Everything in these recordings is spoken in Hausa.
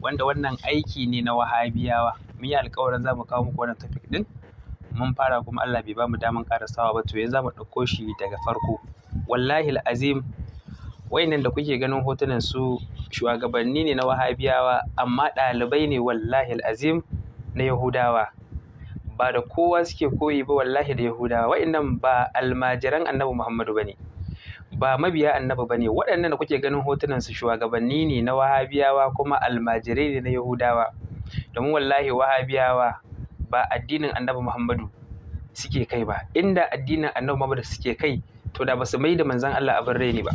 wanda wannan aiki ne na wahabiyawa mun yi alkawarin za mu kawo muku wannan topic din mun fara kuma Allah bai mu daman karasawa ba to yanzu za mu ɗauko shi daga farko wallahi azim wayannan da kuke ganin hotunan su shugabanni ne na wahabiyawa amma ɗalibai ne wallahi azim na yahudawa ba da kowa suke koyi ba wallahi da yahudawa wayannan ba almajiran annabi muhammadu ba ne. ba mabiya annabi ba ne waɗannan da kuke ganin hotunan su shugabanni ne na wahabiyawa kuma almajirai ne na yahudawa domin wallahi wahabiyawa ba addinin annabi muhammadu suke kai ba inda addinin annabi muhammadu suke kai to da ba su mai da manzan allah abin rai ne ba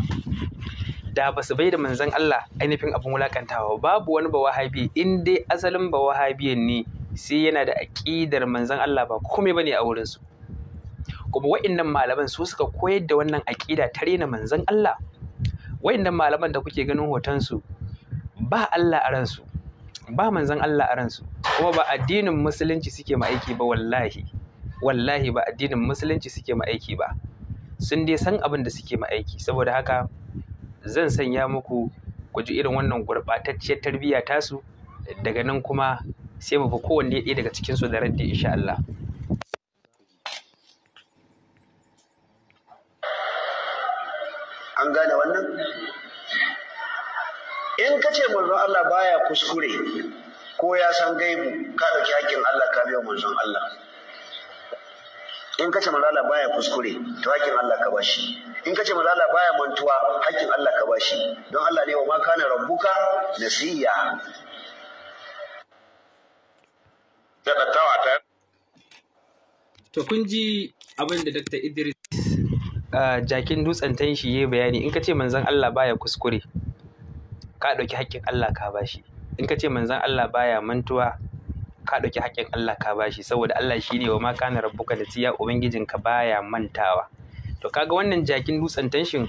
da ba su bai da manzan allah ainihin abin wulakantawa babu wani ba wahabi in dai asalin ba wahabiyan ne sai yana da aƙidar manzan allah ba komai ba ne a wurinsu kuma wa'innan malaman su suka koyar da wannan aƙida ta rena manzon Allah wa'innan malaman da kuke ganin hotonsu ba Allah a ransu ba manzon Allah a ransu kuma ba addinin musulunci suke ma aiki ba wallahi wallahi ba addinin musulunci suke ma aiki ba sun dai san abin da suke ma aiki saboda haka zan sanya muku ku ji irin wannan gurɓatacciyar tarbiyya tasu daga nan kuma sai mu fi kowanne ɗaya daga cikinsu da raddi insha Allah an gane wannan in ka ce manzon Allah baya kuskure ko ya san gaibu ka ɗauki hakkin Allah ka biya manzon Allah in ka ce manzon Allah baya kuskure to hakkin Allah ka bashi in ka ce manzon Allah baya mantuwa hakkin Allah ka bashi don Allah ne wa ma kana rabbuka nasiya To kun ji abin da Dr. Idris jakin dutsen tanshi yayi bayani in ka ce manzon Allah baya kuskure ka ɗauki haƙƙin Allah ka bashi in ka ce manzon Allah baya mantuwa ka ɗauki haƙƙin Allah ka bashi saboda Allah shi ne wa ma kana rabbuka da tiya ubangijinka baya mantawa to kaga wannan jakin dutsen tanshin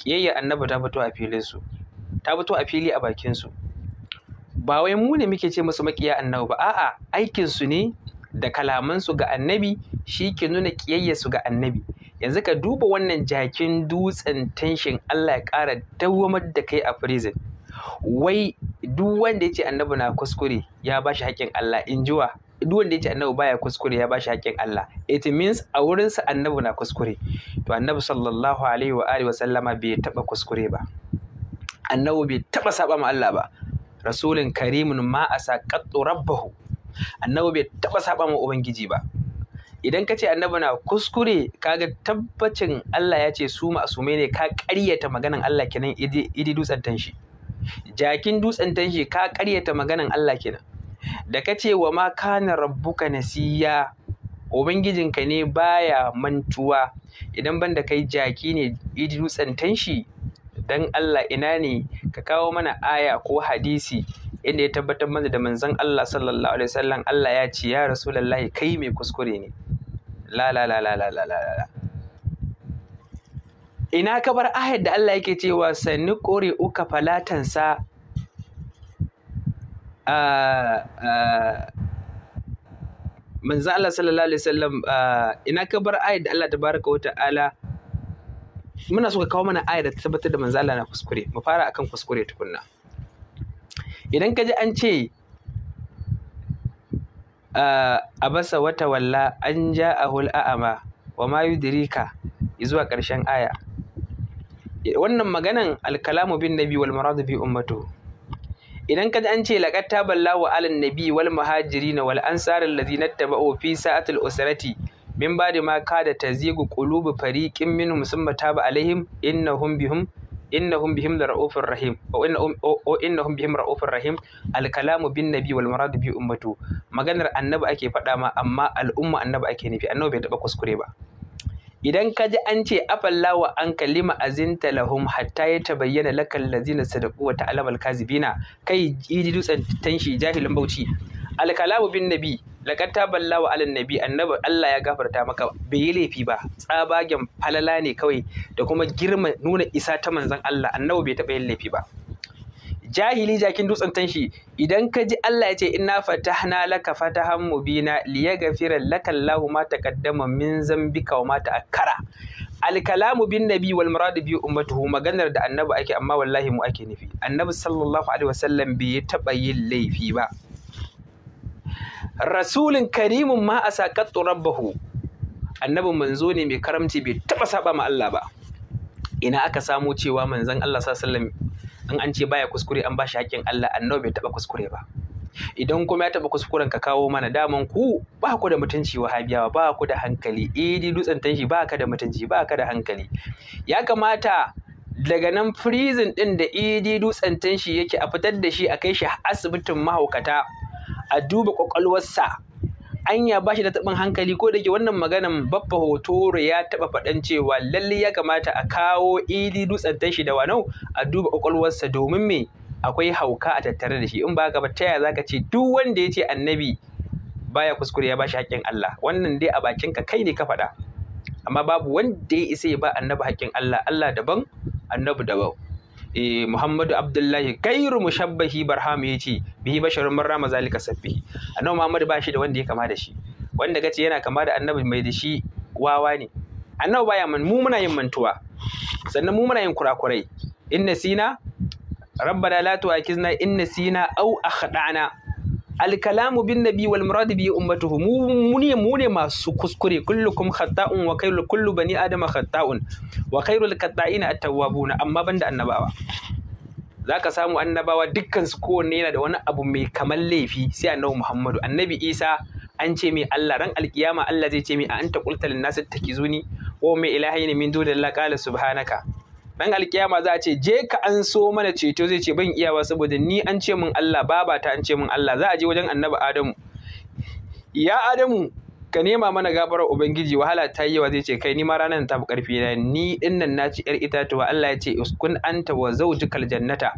kiyayya annabi ta fito a filin su ta fito a fili a bakin su ba wai mu ne muke ce musu maƙiya annabi ba a'a aikin su ne da kalaman su ga annabi shi ke nuna kiyayya su ga annabi yanzu ka duba wannan jakin dutsen tanshin Allah ya ƙara dawwamar da kai a prison wai duk wanda ya ce annabi na kuskure ya ba shi haƙƙin Allah in jiwa duk wanda ya ce annabi baya kuskure ya ba shi haƙƙin Allah it means a wurinsa annabi na kuskure to annabi sallallahu alaihi wa alihi wa bai taɓa kuskure ba annabi bai taba saba ma Allah ba rasulun karimun ma asa qattu rabbahu annabi bai taba saba ma ubangiji ba idan ka ce annabi na kuskure kaga tabbacin Allah ya ce su ma'asumai ne ka ƙaryata maganan Allah kenan idi dutsen tanshi jakin dutsen tanshi ka ƙaryata maganan Allah kenan da ka ce wa ma kana rabbuka nasiya ubangijinka ne baya mantuwa idan banda kai jaki ne idi dutsen tanshi dan Allah ina ne ka kawo mana aya ko hadisi inda ya tabbatar mana da manzon Allah sallallahu alaihi wasallam Allah ya ce ya rasulullahi kai mai kuskure ne la la la la la la la ina ka bar ayar da Allah yake cewa sanni kore uka a manzon Allah sallallahu alaihi wasallam ah, ina ka bar ayar da Allah tabaraka wa ta'ala muna so ka kawo mana ayar da ta tabbatar da manzon Allah na kuskure mu fara akan kuskure tukunna idan ka ji an ce a basa wata walla an ja a hul'a'ama wa ma yudirika zuwa ƙarshen aya wannan maganan alkalamu bin nabi wal maradu bi ummatu idan ka ji an ce laqad taballa wa alan nabi wal muhajirin wal ansar alladhina tabau fi sa'atil usrati min ba'di ma kada tazigu qulubu fariqin minhum summa taba alaihim innahum bihum innahum bihim ra'ufur rahim wa innahum bihim ra'ufur rahim al kalamu bin nabi wal murad bi ummatu maganar annabi ake faɗa ma amma al'umma annabi ake nufi annabi bai taɓa kuskure ba idan ka ji an ce afallawa an kalima azinta lahum hatta ya tabayyana lakal lazina sadaqu wa ta'lamal kazibina kai idi dutsen tanshi jahilin bauchi alkalamu bin nabi laqad wa ala nabi annabi Allah ya gafarta maka bai yi laifi ba tsabagen falala ne kawai da kuma girma nuna isa ta manzan Allah annabi bai taba yin laifi ba jahili jakin dutsen tanshi idan ka ji Allah ya ce inna fatahna laka fatahan mubina liyaghfira laka Allahu ma taqaddama min zambika wa ma ta'akkara alkalamu bin nabi wal murad bi ummatuhu maganar da annabi ake amma wallahi mu ake nufi annabi sallallahu alaihi wasallam bai taba yin laifi ba rasulun karimun ma a saƙaƙƙu rabbahu annabin manzo ne mai karamci bai taɓa saɓa ma Allah ba ina aka samo cewa manzon Allah sallallahu in an ce baya kuskure an bashi haƙƙin Allah annabi bai taɓa kuskure ba idan kuma ya taɓa kuskuren ka kawo mana daman ku ba ku da mutunci wahabiyawa ba ku da hankali idi dutsen tanshi ba ka da mutunci ba ka da hankali ya kamata daga nan prison ɗin da idi dutsen tanshi yake a fitar da shi a kai shi asibitin mahaukata a duba kwakwalwarsa anya ba shi da taɓin hankali ko da ke wannan maganan babba hoto ya taɓa faɗan cewa lallai ya kamata a kawo ili dutsen tashi da wanau a duba kwakwalwarsa domin me akwai hauka a tattare da shi in ba ka ba taya zaka ce duk wanda ya ce annabi baya kuskure ya ba shi haƙƙin Allah wannan dai a bakin ka kai ne ka faɗa amma babu wanda ya isa ya ba annabi haƙƙin Allah Allah daban annabi daban Eh, Muhammadu Abdullahi gairu mushabbahi barham ya ce bihi basharun marra mazalika sabbihi annabi Muhammadu ba shi da wanda ya kama da shi wanda gace yana kama da annabi mai da shi wawa ne annabi baya man mu muna yin mantuwa sannan mu muna yin kurakurai in nasina rabbana la tu'akizna au nasina aw akhda'na alkalamu bin nabi wal murad bi ummatuhu mu ne mu ne masu kuskure kullukum khata'un wa kayru kullu bani adama khata'un wa khairul khata'ina at-tawwabuna amma banda annabawa zaka samu annabawa dukkan su kowanne yana da wani abu mai kamar laifi sai annabi Muhammadu annabi Isa an ce mai Allah ran alkiyama Allah zai ce mai anta qultal lin takizuni wa mai ilahi min dunillahi qala subhanaka Nan alkiyama za a ce je ka an so mana ceto zai ce ban iyawa saboda ni an ce min Allah babata an ce min Allah za a je wajen annabi Adamu ya Adamu ka nema mana gafarar ubangiji wahala ta yi yawa zai ce kai ni ma ranar ta fi karfi na ni nan na ci yar itatuwa Allah ya ce uskun anta wa zaujikal jannata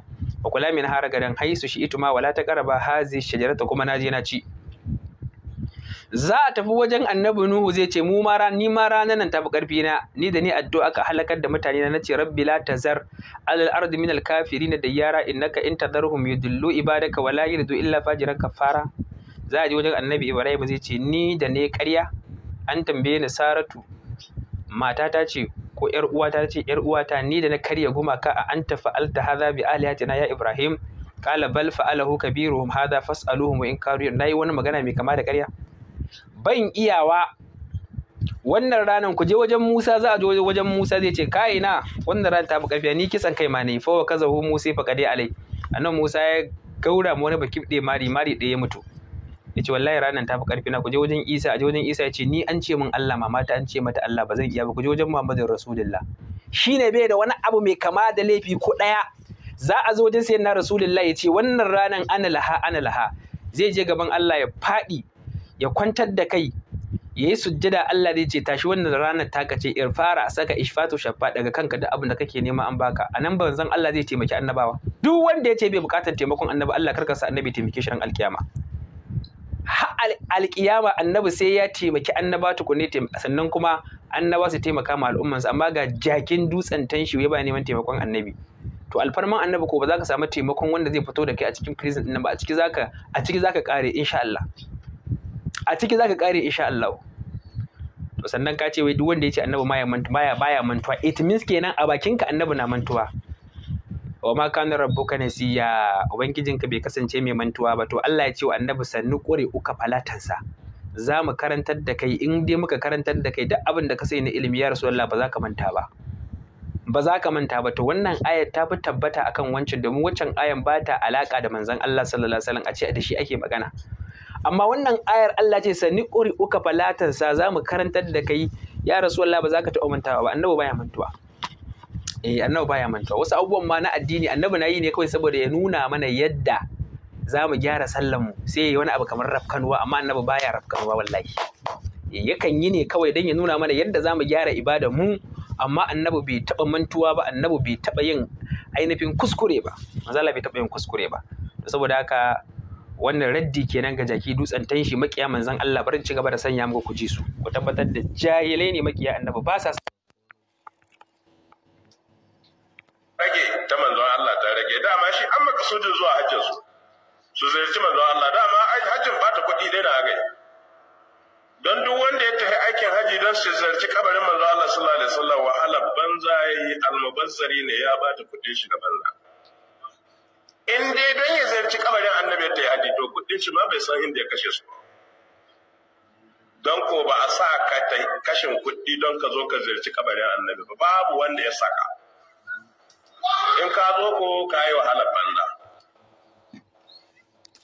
wa kula min har gadan haisu shi ituma wala ta qaraba hazi shajarata kuma naje na ci za a tafi wajen annabi nuhu zai ce mu ma ni ma ranar nan tafi karfi na ni da ni addu'a ka halakar da mutane na ce rabbi la tazar alal ardi min al kafirin da yara innaka in tadarhum yudillu ibadaka wala yuridu illa fajiran kafara za a je wajen annabi ibrahim zai ce ni da ne ƙarya an tambaye ni saratu matata ce ko ƴar uwata ce ƴar uwata ni da na karya gumaka a anta fa'alta hadha bi alihatina ya ibrahim qala bal fa'alahu kabiruhum hadha fas'aluhum wa in kanu nayi wani magana mai kama da ƙarya ban iyawa wannan ranan ku je wajen Musa za a je wajen Musa zai ce ka ina wannan ranan ta fi kafiya ni kisan kai ma ne fa wa hu Musa fa kade alai anan Musa ya gaura mu wani bakin de mari mari ɗaya ya mutu ya ce wallahi ranan ta fi karfi na ku je wajen Isa a je wajen Isa ya ce ni an ce min Allah mama ta an ce mata Allah ba zan iya ba ku je wajen Muhammadin Rasulullah shine bai da wani abu mai kama da laifi ko ɗaya za a zo wajen sayyidina Rasulullah ya ce wannan ranan ana laha ana laha zai je gaban Allah ya faɗi ya kwantar da kai yayi sujjada Allah zai ce tashi wannan ranar taka ce irfara saka ishfatu shaffa daga kanka duk abin da kake nema an baka a nan banzan Allah zai taimaki annabawa duk wanda ya ce bai bukatar taimakon annabi Allah karka sa annabi taimake shi ran alkiyama alkiyama annabi sai ya taimaki annaba tukune sannan kuma annaba su taimaka ma al'ummansu amma ga jakin dutsen tanshi ya ba neman taimakon annabi to alfarman annabi ko ba za ka samu taimakon wanda zai fito da kai a cikin prison din ba a ciki zaka a ciki zaka kare insha Allah a ciki zaka kare insha Allah to sannan ka ce wai duk wanda yace annabi baya baya baya mantuwa it means kenan a bakinka annabi na mantuwa wa ma kana rabbuka nasiya ubangijinka bai kasance mai mantuwa ba to Allah ya ce wa annabi sannu kore uka falatansa za mu karantar da kai in dai muka karantar da kai duk abin da ka sai na ilimi ya rasulullah ba za ka manta ba ba za ka manta ba to wannan ayar ta fi tabbata akan wancan domin waccan ayan ba ta alaka da manzon Allah sallallahu alaihi wasallam a ce da shi ake magana amma wannan ayar Allah ce sani ƙuri uka falatan sa za mu karantar da kai ya rasu Allah ba za ka taɓa mantawa ba annabi baya mantuwa eh annabi baya mantuwa wasu abubuwan ma na addini annabi na yi ne kawai saboda ya nuna mana yadda za mu gyara sallan mu sai ya yi wani abu kamar rafkanuwa amma annabi baya rafkanuwa wallahi eh, yakan yi ne kawai don ya nuna mana yadda za mu gyara ibada mu amma annabi bai taɓa mantuwa ba annabi bai taɓa yin ainihin kuskure ba Allah bai taɓa yin kuskure ba saboda haka wannan raddi kenan ga jaki dutsen tanshi makiya manzon Allah barin ci gaba da sanya muku kuji su ku tabbatar da jahilai ne makiya annabi ba sa rage ta manzon Allah ta rage dama shi an makasudin zuwa hajjin su su ziyarci manzon Allah dama hajjin ba ta kuɗi dai da aka don duk wanda ya tafi aikin haji don su zarci kabarin manzon Allah sallallahu alaihi wasallam wahala banza yi almubazzari ne ya ba ta kuɗin shi da banza in dai don ya zarci kabarin annabi ta yi hadi to kudin shi ma bai san inda ya kashe su don ko ba a sa ka ta kashin kuɗi don ka zo ka ziyarci kabarin annabi ba babu wanda ya saka in ka zo ko ka yi wahalar banda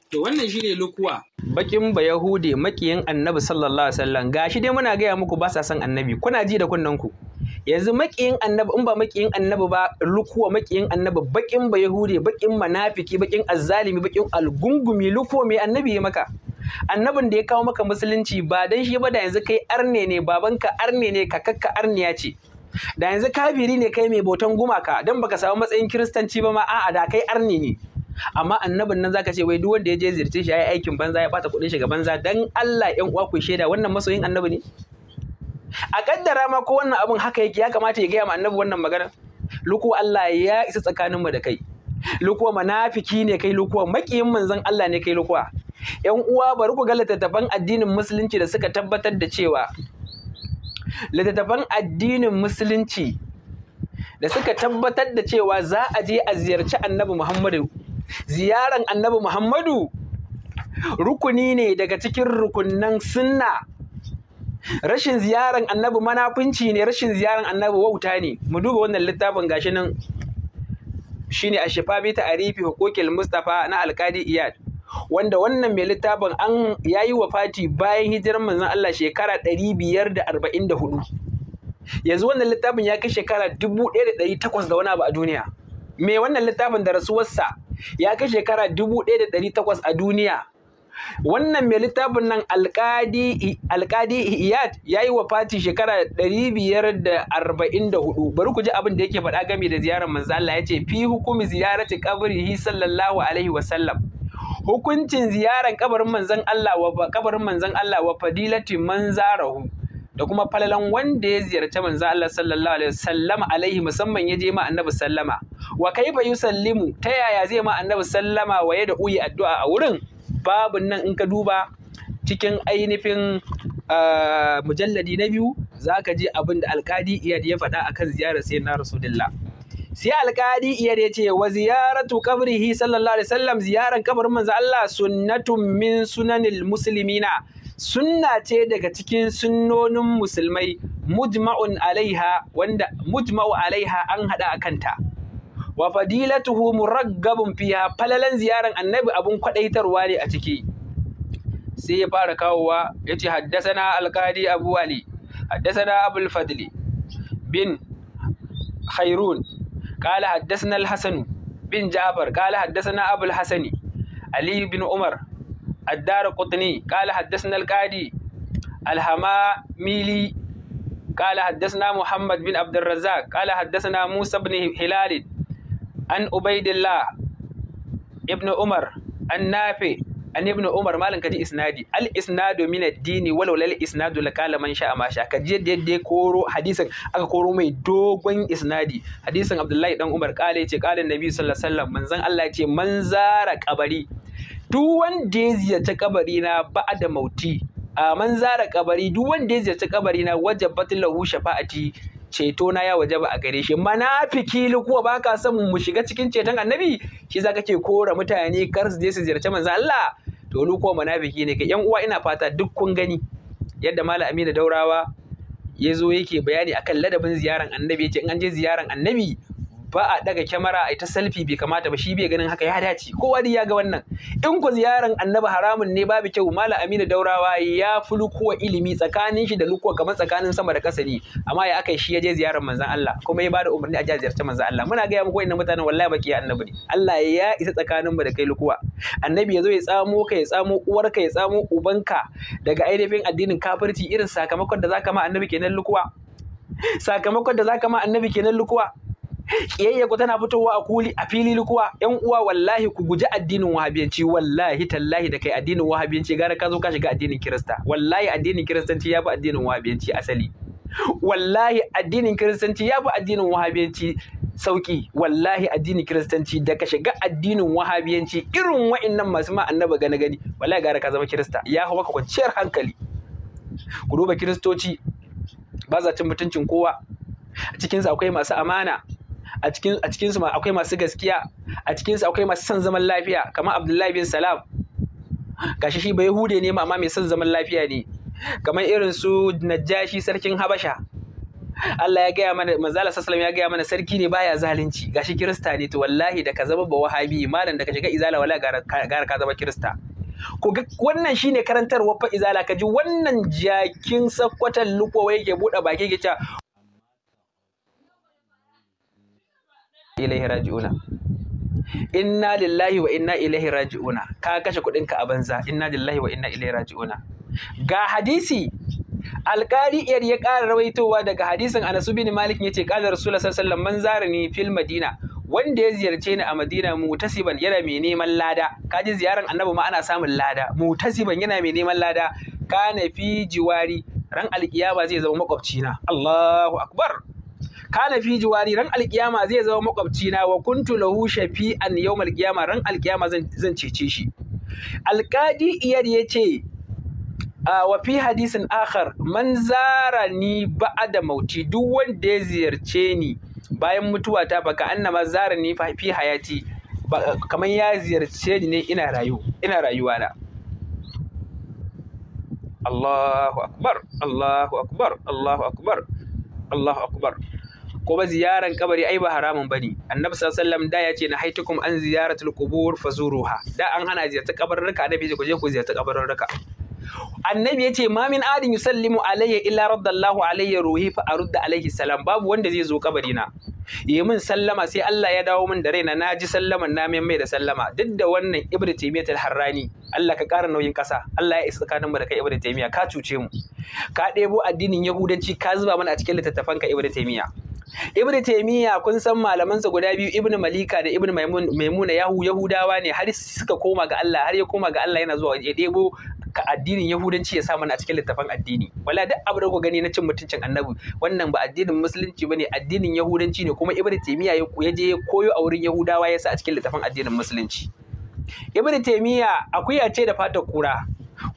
to wannan shine lukuwa bakin ba yahude makiyin annabi sallallahu alaihi wasallam gashi dai muna gaya muku ba sa son annabi kuna ji da kunnen ku yanzu makiyin annabi in ba makiyin annabi ba lukuwa makiyin annabi bakin ba yahudi bakin manafiki bakin azzalimi bakin algungumi lukuwa mai annabi ya maka annabin da ya kawo maka musulunci ba dan shi ba da yanzu kai arne ne babanka arne ne kakakka arniya ce da yanzu kabiri ne kai mai bautan gumaka dan baka samu matsayin kiristanci ba ma a'a da kai arne ne amma annabin nan zaka ce wai duk wanda ya je zirce shi ya yi aikin banza ya bata kuɗin shi ga banza dan Allah ƴan uwa ku shaida wannan masoyin annabi ne a kaddara ma ko wannan abin haka yake ya kamata ya gaya ma annabi wannan magana luku Allah ya isa tsakanin mu da kai lukuwa manafiki ne kai lukuwa makiyin manzon Allah ne kai lukuwa yan uwa bari ku ga littattafan addinin musulunci da suka tabbatar da cewa littattafan addinin musulunci da suka tabbatar da cewa za a je a ziyarci annabi Muhammadu ziyaran annabi Muhammadu rukuni ne daga cikin rukunnan sunna rashin ziyaran annabi manafinci ne rashin ziyaran annabi wauta ne mu duba wannan littafin gashi nan shine a shifabi ta arifi hukukil mustafa na alkadi iyad wanda wannan mai littafin an yayi wafati bayan hijirar manzon Allah shekara 544 yanzu wannan littafin ya kai shekara 1800 da wani abu a duniya mai wannan littafin da rasuwarsa ya kai shekara 1800 a duniya wannan mai littafin nan alkadi iyad ya yi wafati shekara 544 bari ku ji abin da yake faɗa game da ziyarar manzo Allah ya ce fi hukumi ziyarati qabrihi sallallahu alaihi wasallam hukuncin ziyarar kabarin manzon Allah wa kabarin manzon Allah wa fadilati manzarahu da kuma falalan wanda ya ziyarci manzo Allah sallallahu alaihi wasallam alaihi musamman ya je ma annabi sallama wa kaifa yusallimu ta yaya zai ma annabi sallama waye da uyi addu'a a wurin babun nan in ka duba cikin ainihin ah, mujalladi na biyu za ka ji abin da alkadi iyad ya faɗa akan ziyarar sai na rasulullah sai alkadi iyad ya ce wa ziyaratu qabrihi sallallahu alaihi wasallam ziyaran kabarin manzo Allah sunnatun min sunanil muslimina sunna ce daga cikin sunnonin musulmai mujma'un alaiha wanda mujma'u alaiha an haɗa a kanta. wa fadilatuhu muraggabun fiha falalan ziyaran annabi abun kwadaitarwa ne a ciki sai ya fara kawowa ya yace haddathana alqadi abu ali haddathana abul fadli bin khairun qala haddathana alhasan bin ja'far kala haddathana abul hasani ali bin umar الدارقطني قال حدثنا القاضي الهماميلي قال حدثنا محمد بن عبد الرزاق قال حدثنا Musa bin هلال an ubaidillah ibn umar an nafi an ibn umar malin kaji isnadi al isnadu min ad-dini walau lal isnadu la kala man sha'a ma sha'a kaji yadda koro hadisin aka koro mai dogon isnadi hadisin abdullahi dan umar kale ce kale nabi sallallahu alaihi wasallam manzan Allah ce man zara kabari duk wanda ya ziyarci kabari na da mauti a man zara kabari duk wanda ya ziyarci kabari na wajabat lahu shafa'ati ceto na ya waje ba a gare shi manafiki lukuwa ka son mu shiga cikin ceton annabi shi za ka ce kora mutane kar su je su ziyarci manzo Allah to lukuwa manafiki ne kai yan uwa ina fata duk kun gani yadda malam Aminu Daurawa ya zo yake bayani akan ladabin ziyaran annabi yace in an je ziyaran annabi ba a daga kyamara a ta selfie bai kamata ba shi bai ganin haka ya dace kowa dai ya ga wannan in ku ziyaran annabi haramun ne babu kyau mala aminu daurawa ya fi ilimi tsakanin shi da lukuwa kamar tsakanin sama da ƙasa ne amma ya aka shi ya je ziyarar manzon Allah kuma ya bada umarni a je ziyarci manzon Allah muna ga ya muku wannan mutanen wallahi baki ya annabi Allah ya isa tsakanin mu da kai lukuwa annabi ya zo ya tsamo ka ya tsamo uwarka ya tsamo ubanka daga ainihin addinin kafirci irin sakamakon da zaka ma annabi kenan lukuwa sakamakon da zaka ma annabi kenan lukuwa kiyayya ko tana fitowa a kuli a fili kuwa yan uwa wallahi ku guji addinin wahabiyanci wallahi tallahi da kai addinin wahabiyanci gara ka zo ka shiga addinin kirista wallahi addinin kiristanci ya fi addinin wahabiyanci asali wallahi addinin kiristanci ya fi addinin wahabiyanci sauki wallahi addinin kiristanci da ka shiga addinin wahabiyanci irin wa'annan masu ma annaba gani gani wallahi gara ka zama kirista ya hawa ka kwanciyar hankali ku duba kiristoci ba za cin mutuncin kowa a cikinsu akwai masu amana a cikin a cikin su akwai masu gaskiya a cikin su akwai masu son zaman lafiya kamar Abdullahi bin Salam gashi shi bai hude ne amma mai son zaman lafiya ne kamar irin su Najashi sarkin Habasha Allah ya gaya mana manzala sallallahu ya gaya mana sarki ne baya zalunci gashi kirista ne to wallahi da ka zama ba wahabi malam da ka shiga izala wala gara ka zama kirista ko wannan shine karantarwar fa izala ka ji wannan jakin sakkwatan lukowa yake buɗe baki yake cewa ilaihi raji'una inna lillahi wa inna ilaihi raji'una ka kashe kuɗinka a banza inna lillahi wa inna ilaihi raji'una ga hadisi alƙari iyar ya ƙara rawaitowa daga hadisin anasu bin Malik yace qala rasulullah sallallahu alaihi wasallam man fil madina wanda ya ziyarce ni a Madina mutasiban yana mai neman lada kaji ziyaran annabi ma ana samun lada mutasiban yana mai neman lada kana fi jiwari ran alkiyama zai zama makwabcina Allahu akbar kana fi jiwari ran alkiyama zai zama makwabci na wa kuntu lahu shafi'an yau alkiyama ran alkiyama zan cece shi alqadi ya yace wa fi hadisin akhar man zara zarani da mauti duk wanda ya ziyarce ni bayan mutuwa ta baka annama zara ni fi hayati kamar ya ziyarce ni ne ina rayu ina rayuwa na Allahu akbar Allahu akbar Allahu akbar Allahu akbar ba ziyaran kabari ai ba haramun bane annabi sallallahu alaihi wasallam da ya ce haitukum an ziyaratul qubur fazuruha da an hana ziyarta kabarurruka annabi ya ku je ku ziyarta kabarurruka annabi yace ce mamin adin yusallimu alayya illa raddallahu alayya ruhi fa arudda alayhi salam babu wanda zai zo kabari na yi min sallama sai Allah ya dawo min da raina na ji sallaman na mai da sallama duk da wannan ibn taymiyyah al-harrani Allah ka kara nauyin kasa Allah ya isa tsakanin mu da kai ibn taymiyyah ka cuce mu ka ɗebo addinin yahudanci ka zuba mana a cikin littattafan ka ibn taymiyyah Ibn Taymiyya kun san malamansa guda biyu Ibn malika da Ibn maimuna yahu yahudawa ne har suka koma ga Allah har ya koma ga Allah yana zuwa ya debo ka addinin yahudanci ya sa mana a cikin littafin addini wala duk abu da ku gani na cin mutuncin annabi wannan ba addinin musulunci bane addinin yahudanci ne kuma Ibn Taymiyya ya je ya koyo a wurin yahudawa ya sa a cikin littafin addinin musulunci ibnu taymiya akuya ce da fatar kura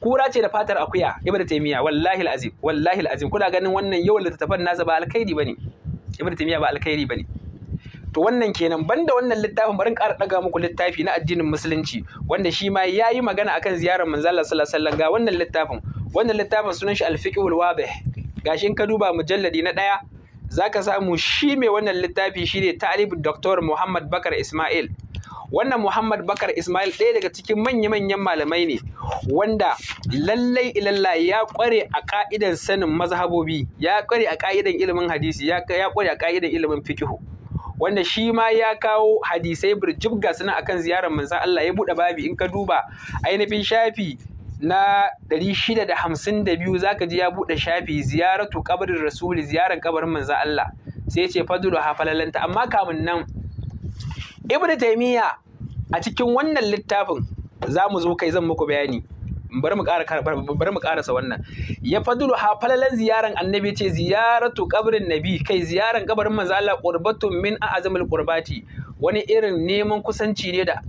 kura ce da fatar akuya ibnu taymiya wallahi alazim wallahi alazim kuna ganin wannan yawan littattafan nasa ba alkaidi bane Ibn Taymiyyah ba alkhairi bane to wannan kenan banda wannan littafin bari ƙara daga muku littafi na addinin musulunci wanda shi ma yayi magana akan ziyarar manzo Allah sallallahu alaihi wasallam ga wannan littafin wannan littafin sunan shi al-fiqhul wadih gashi in ka duba mujalladi na daya zaka samu shi mai wannan littafi shine Talib Dr. Muhammad Bakar Ismail wannan Muhammad Bakar Ismail ɗaya daga cikin manya-manyan malamai ne wanda lallai ilalla ya ƙware a ka'idan sanin mazhabobi ya ƙware a ka'idan ilimin hadisi ya ƙware a ka'idan ilimin fiqh wanda shi ma ya kawo hadisai birjib ga suna akan ziyarar manzo Allah ya buɗe babi in ka duba ainihin shafi na 652 zaka ji ya buɗe shafi ziyaratu kabarin rasuli ziyarar kabarin manzo Allah sai ya ce fadlu hafalalanta amma kamun nan ibnu taymiya a cikin wannan littafin za mu zo kai zan muku bayani bari mu bari karasa wannan ya fadulu ha falalan ziyaran annabi ce ziyaratu qabrin nabi kai ziyaran kabarin manzo Allah qurbatun min azamil qurbati wani irin neman kusanci ne da,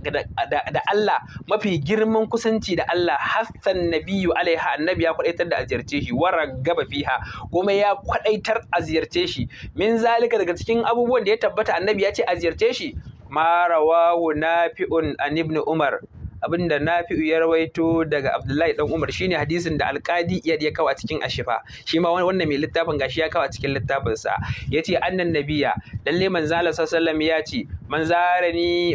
Allah mafi girman kusanci da Allah hassan nabiyyu alaiha annabi ya kwadaitar da aziyarce shi wara gaba fiha kuma ya kwadaitar aziyarce shi min zalika daga cikin abubuwan da ya tabbata annabi ya ce aziyarce shi ma rawahu nafi'un an ibn umar Abin na Nafi'u ya rawaito daga Abdullahi dan Umar shine hadisin da alkadi Iyad ya kawo a cikin Ashifa shi ma wannan mai littafin gashi ya kawo a cikin littafin sa yace annan nabiya lalle manzo Allah sallallahu alaihi ya ce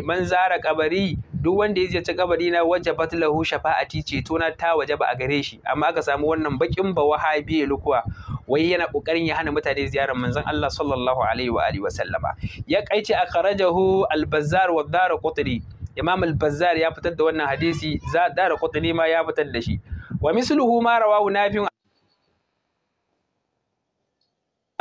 man zara kabari duk wanda ya ziyarci kabari na wajabat batlahu shafa'ati ce tona ta waje ba a gare shi amma aka samu wannan bakin ba wahabi lukuwa wai yana kokarin ya hana mutane ziyarar manzon Allah sallallahu alaihi wa alihi wa sallama ya kaice akhrajahu al wa dar qutri imam al-bazzar ya fitar da wannan hadisi za da qutni ma ya fitar da shi wa misluhu ma rawahu nafi'un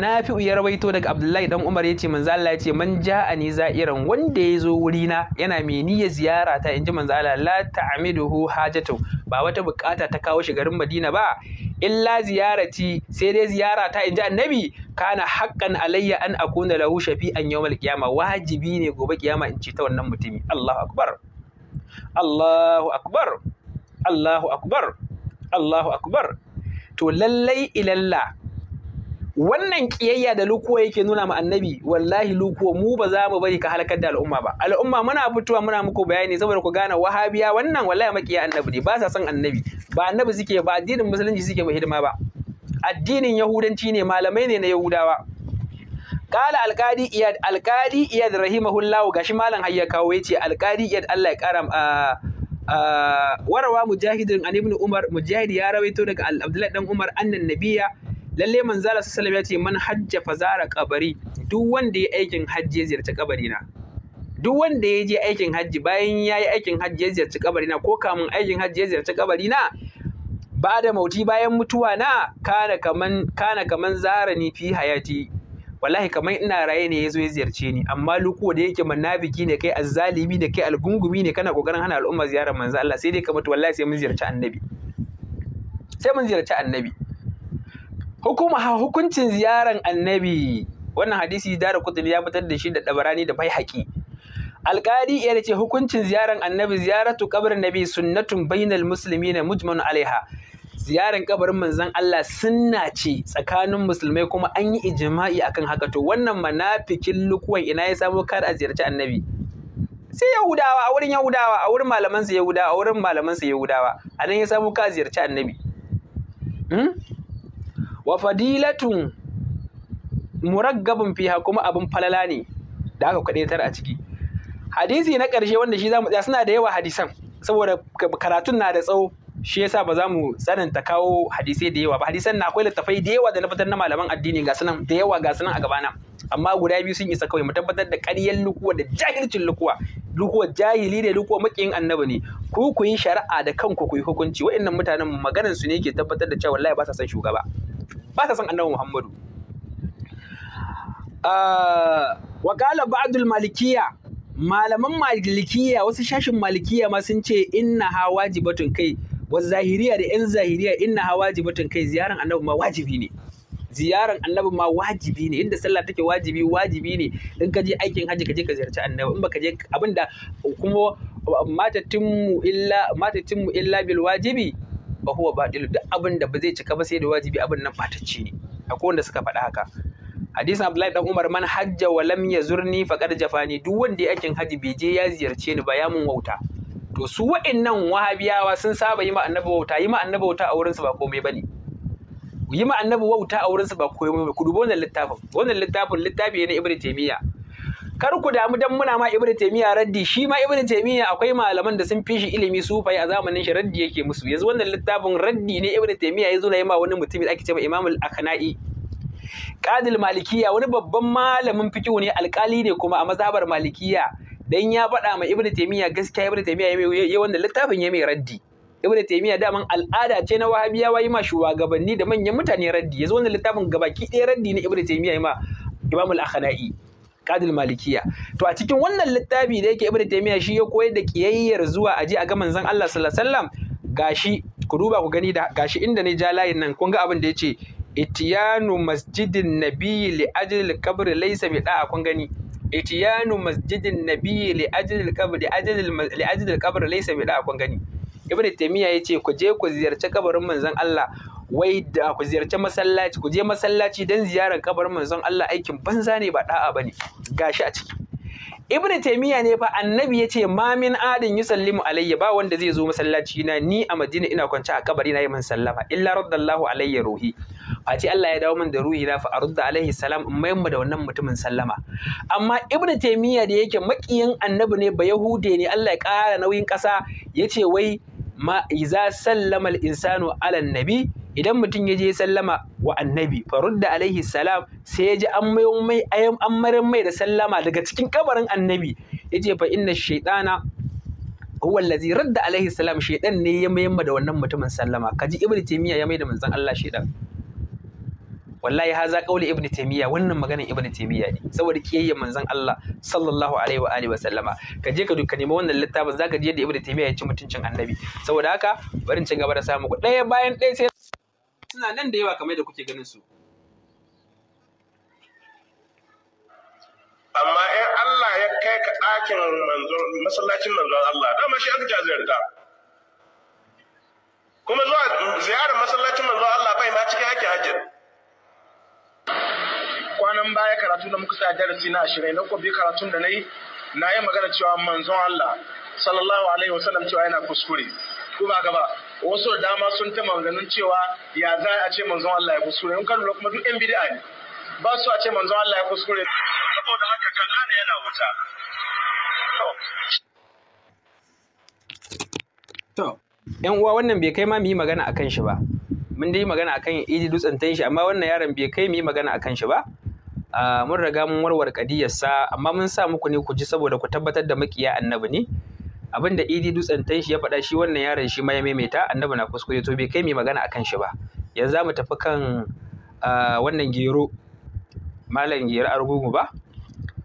Nafi'u ya rawaito daga Abdullahi dan Umar yace manzo Allah yace man ni za'iran wanda ya zo wuri na yana mai niyyar ziyara ta inji manzo Allah la ta'miduhu hajatu ba wata bukata ta kawo shi garin Madina ba illa ziyarati sai dai ziyara ta inji annabi kana haqqan alayya an akuna lahu shafi'an yawmal kiyama wajibi ne gobe kiyama in ci ta wannan mutumi Allahu akbar Allahu akbar Allahu akbar Allahu akbar to lallai ilallah wannan kiyayya da lukuwa yake nuna ma annabi wallahi lukuwa mu ba za mu bari ka halakar da al'umma ba al'umma muna fitowa muna muku bayani saboda ku gane wahabiya wannan wallahi makiya annabi ne ba sa son annabi ba annabi suke ba addinin musulunci suke ba hidima ba addinin yahudanci ne malamai ne na yahudawa kala alkadi iyad alkadi iyad rahimahullahu gashi malam hayya kawo yace alkadi iyad Allah ya kara ah, ah, warawa mujahidin an ibn umar mujahid ya rawaito daga abdullahi dan umar annan lalle man zala sallallahu alaihi wasallam ya ce man hajja fa zara kabari duk wanda ya aikin hajji ya ziyarci kabari na duk wanda ya je aikin hajji bayan ya yi aikin hajji ya ziyarci kabari na ko kamun aikin hajji ya ziyarci kabari na ba da mauti bayan mutuwa na kana kaman kana kaman zara ni fi hayati wallahi kaman ina raye ne yazo ya ziyarce ni amma luko da yake manabiki ne kai azzalimi ne kai algungumi ne kana kokarin hana al'umma ziyarar manzo Allah sai dai ka mutu wallahi sai mun ziyarci annabi sai mun ziyarci annabi hukuma hukuncin ziyaran annabi wannan hadisi dara kutuni ya fitar da shi da dabarani da bai haƙi alƙali ya ce hukuncin ziyaran annabi ziyaratu kabarin nabi sunnatun bainal na mujmanu alaiha ziyaran kabarin manzon Allah sunna ce tsakanin musulmai kuma an yi ijma'i akan haka to wannan manafikin lukuwan ina ya samo kar a ziyarci annabi sai yahudawa a wurin yahudawa a wurin malaman sa yahudawa a wurin malaman sa yahudawa anan ya samo ka ziyarci annabi hmm? wa fadilatun muraggabun fiha kuma abin falala ne da aka kwadaitar a ciki hadisi na ƙarshe wanda shi zamu tsaya suna da yawa hadisan saboda karatun na da tsawo shi yasa ba za mu tsananta kawo hadisai da yawa ba hadisan na akwai littafai da yawa da na fitar na malaman addini ga sunan da yawa ga sunan a gabana amma guda biyu sun isa kawai mu tabbatar da ƙaryar lukuwa da jahilcin lukuwa lukuwa jahili ne lukuwa makiyin annabi ne ku ku yi shari'a da kanku ku yi hukunci wa'annan mutanen maganar su ne ke tabbatar da cewa wallahi ba sa son shugaba ba ta son annabi Muhammadu ah, wa kala ba'dul malikiyya malaman malikiya wasu shashin malikiya ma sun ce inna ha wajibatun kai wa zahiriya da yan zahiriya inna ha wajibatun kai ziyaran annabi ma wajibi ne ziyaran annabi ma wajibi ne inda sallah take wajibi wajibi ne in ka je aikin haji ka je ka ziyarci annabi in baka je abinda kuma matatinmu illa matatinmu illa bil wajibi ba huwa batilu duk abin da ba zai cika ba sai da wajibi abin nan batacce ne akwai wanda suka faɗa haka hadisin abdullahi dan umar man hajja wa lam yazurni faqad jafani duk wanda ya aikin haji bai je ya ziyarce ni ba ya mun wauta to su wa'annan wahabiyawa sun saba yi ma annabi wauta yi ma annabi wauta a wurinsu ba komai bane yi ma annabi wauta a wurinsu ba komai ku dubo wannan littafin wannan littafin littafi ne na ibnu taymiya kar ku damu dan muna ma ibnu taymiya raddi shi ma ibnu taymiya akwai malaman da sun fi shi ilimi sufai a zamanin shi raddi yake musu yanzu wannan littafin raddi ne ibnu taymiya yazo na yima wani mutum da ake cewa imam al-akhna'i qadil malikiya wani babban malamin fiqh ne alkali ne kuma a mazhabar malikiya dan ya faɗa ma ibnu taymiya gaskiya ibnu taymiya ya wannan littafin ya mai raddi ibnu taymiya daman al'ada ce na wahabiyawa yi ma shugabanni da manyan mutane raddi Yanzu wannan littafin gabaki ɗaya raddi ne ibn taymiya yi ma imam al-akhna'i kadil malikiya to a cikin wannan littafi da yake ibnu taymiya shi ya koyar da kiyayyar zuwa ji a ga manzon Allah sallallahu alaihi wasallam gashi ku duba ku gani da gashi inda ne ja layin nan kun ga abin da yace itiyanu masjidin nabiyyi li ajli al-qabr laysa bi da'a kun gani itiyanu masjidin nabiyyi li ajli al-qabr li ajli li ajli al-qabr laysa bi da'a kun gani ibnu taymiya yace ku je ku ziyarci kabarin manzon Allah wai da ku ziyarci masallaci ku je masallaci don ziyarar kabarin manzon Allah aikin banza ne ba da'a bane gashi a ciki Ibn Taymiyyah ne fa annabi yace ce ma min adin yusallimu alayya ba wanda zai zo masallaci na ni a Madina ina kwance a kabari na yi man sallama illa raddallahu alayya ruhi Fati Allah ya dawo min da ruhi na fa arudda alayhi salam in mayan mu da wannan mutumin sallama amma Ibn Taymiyyah da yake makiyin annabi ne ba Yahude ne Allah ya kara nauyin kasa yace wai ma iza sallama al-insanu ala nabi idan mutum ya je sallama wa annabi farudda alaihi salam sai ya ji an mai mai an mai da sallama daga cikin kabarin annabi yace fa inna shaytana huwa allazi radda alaihi salam shaytan ne ya mayar da wannan mutumin sallama kaji ibnu taymiya ya mai da manzon Allah shaytan wallahi haza kauli ibnu taymiya wannan maganar ibnu taymiya ne saboda kiyayya manzon Allah sallallahu alaihi wa alihi wa sallama ka je ka duka nemi wannan littafin zaka ji yadda ibnu taymiya ya ci mutuncin annabi saboda haka bari in ci gaba da sa muku ɗaya bayan ɗaya sai suna nan da yawa kamar da kuke ganin su amma in Allah ya kai ka ɗakin manzon masallacin manzon Allah dama shi aka jazirta kuma zuwa ziyarar masallacin manzon Allah bai ma cikin yake hajjin kwanan baya karatu da muka sa darasi na ashirin na kwabi karatun da na yi na yi magana cewa manzon Allah sallallahu alaihi wasallam cewa yana kuskure ko ba gaba wasu da dama sun ta maganganun cewa ya za a ce manzon Allah ya kuskure in ka lura kuma duk yan bid'a ne ba su a ce manzon Allah ya kuskure saboda haka kan'ana yana wuta to yan uwa wannan bai kai ma mu yi magana akan shi ba mun dai magana akan idi dutsen tanshi amma wannan yaron bai kai mu yi magana akan shi ba mun riga mun warware kadiyarsa amma mun sa muku ne ku ji saboda ku tabbatar da makiya annabi ne abin da idi dutsen tanshi ya faɗa shi wannan yaron shi ma ya maimaita annabi na kuskure to bai kai mu yi magana akan shi ba yanzu za mu tafi kan wannan gero malam gero argungu ba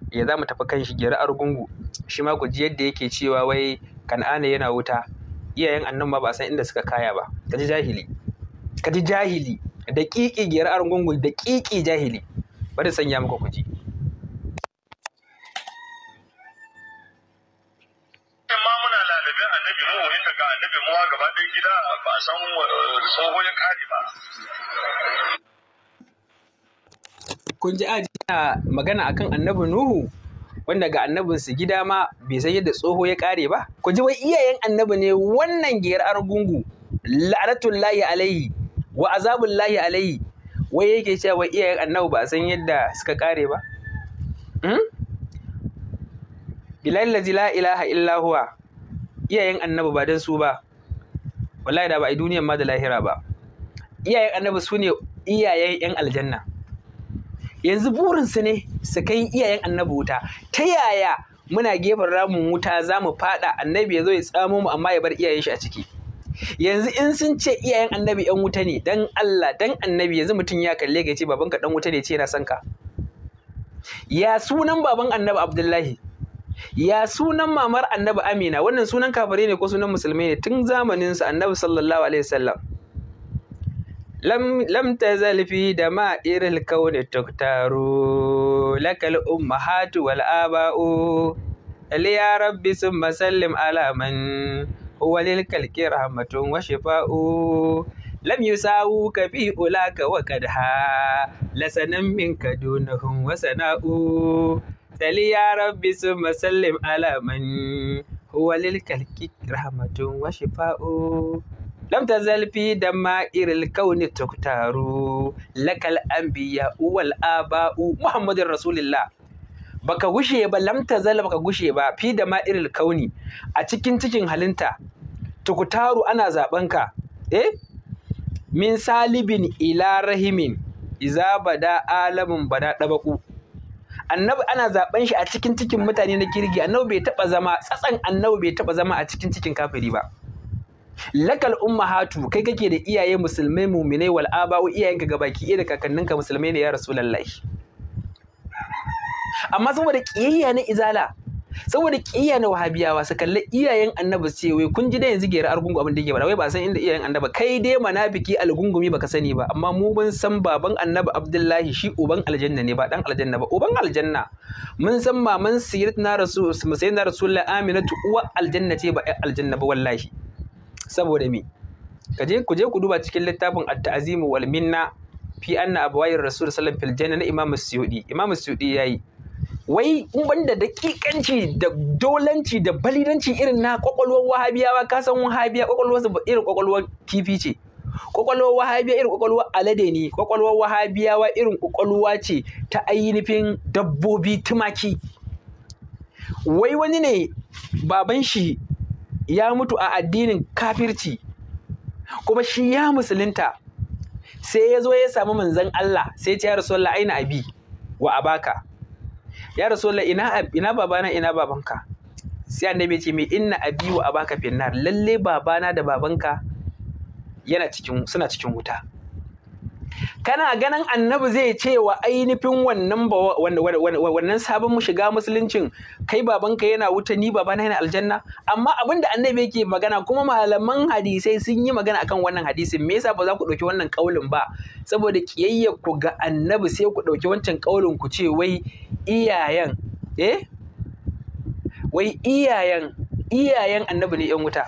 ya za mu tafi kan shi gero argungu shi ma ku ji yadda yake cewa wai kan'ana yana wuta iyayen annan ma ba san inda suka kaya ba ka ji jahili ka ji jahili da ƙiƙi giyar argungun da ƙiƙi jahili bari sanya muka kuji san uh, Kun ji aji na magana akan annabi Nuhu wanda ga annabinsu gida ma bai san yadda tsoho ya kare ba? Ku ji wai iyayen annabi ne wannan giyar argungu la'anatullahi alaihi wa azabul lahi alayhi wai yake cewa wai iyayen annabi ba san yadda suka kare ba hmm? bilal lazi la ilaha illa huwa iyayen annabi ba dan su ba wallahi da ba a duniyar ma da lahira ba iyayen annabi su ne iyayen yan aljanna yanzu burinsu ne su kai iyayen annabi wuta ta yaya muna gefen ramin wuta za mu faɗa annabi ya zo ya tsamo mu amma ya bar iyayen shi a ciki yanzu in sun ce iyayen annabi yan wuta ne dan Allah dan annabi yanzu mutum ya kalle ga ce babanka dan wuta ne ce yana son ka ya sunan baban annabi Abdullahi ya sunan mamar annabi Amina wannan sunan kafare ne ko sunan musulmai ne tun zamanin su annabi sallallahu alaihi wasallam lam lam tazal fi dama iril kauni tuktaru lakal ummahatu wal aba'u ya rabbi summa sallim ala man walil kalki rahmatun wa shifa'u lam yusawu ka fi ulaka wa kadha lasanan min dunahum wa sana'u sali ya rabbi summa sallim ala man huwa lil kalki rahmatun wa shifa'u lam tazal fi dama'iril kauni tuktaru lakal anbiya wal aba'u muhammadu rasulillah baka gushe ba lamta zala baka gushe ba fi da iril kauni a cikin cikin halinta tukutaru ana zaben ka eh min salibin ila rahimin iza bada alamin bada dabaku annabi ana zaben shi a cikin cikin mutane na kirgi annabi bai taba zama tsatsan annabi bai taba zama a cikin cikin kafiri ba lakal ummahatu kai kake da iyaye musulmai muminai wal aba'u iyayenka gabaki baki, da kakanninka musulmai ne ya rasulullahi amma saboda kiyayya na izala saboda kiyayya na wahabiyawa su kalli iyayen annabi su ce wai kun ji da yanzu gera argungu abin da yake ba. wai ba san inda iyayen annabi kai dai manafiki algungumi baka sani ba amma mu mun san baban annabi abdullahi shi uban aljanna ne ba dan aljanna ba uban aljanna mun san maman sayyidina rasul sayyidina rasulullahi aminatu uwa aljanna ce ba aljanna ba wallahi saboda me kaje ku je ku duba cikin littafin at-ta'zimu wal minna fi anna abwayir rasul sallallahu alaihi wasallam fil janna na imam suyudi imamu suyudi yayi wai in banda kikanci da dolanci da balidanci irin na kwakwalwar wahabiyawa ka san wahabiya kwakwalwar su irin kwakwalwar kifi ce kwakwalwar wahabiya irin kwakwalwar alade ne kwakwalwar wahabiyawa irin kwakwalwa ce ta ainihin dabbobi tumaki wai wani ne baban shi ya mutu a addinin kafirci kuma shi ya musulunta sai ya zo ya samu manzon Allah sai ya ce ya rasulullah aina abi wa abaka ya rasulullah ina ina babana ina babanka sai annabi ya ce mai inna abi wa abaka finnar lalle babana da babanka yana cikin suna cikin wuta kana ganin annabi zai ce wa ainihin wannan wannan sabon shiga musuluncin kai babanka yana wuta ni babana yana aljanna amma abin da annabi yake magana kuma malaman hadisai sun yi magana akan wannan hadisin me yasa ba za ku ɗauki wannan kaulin ba saboda kiyayya ku ga annabi sai ku ɗauki wancan kaulin ku ce wai iyayen eh wai iyayen iyayen annabi ne yan wuta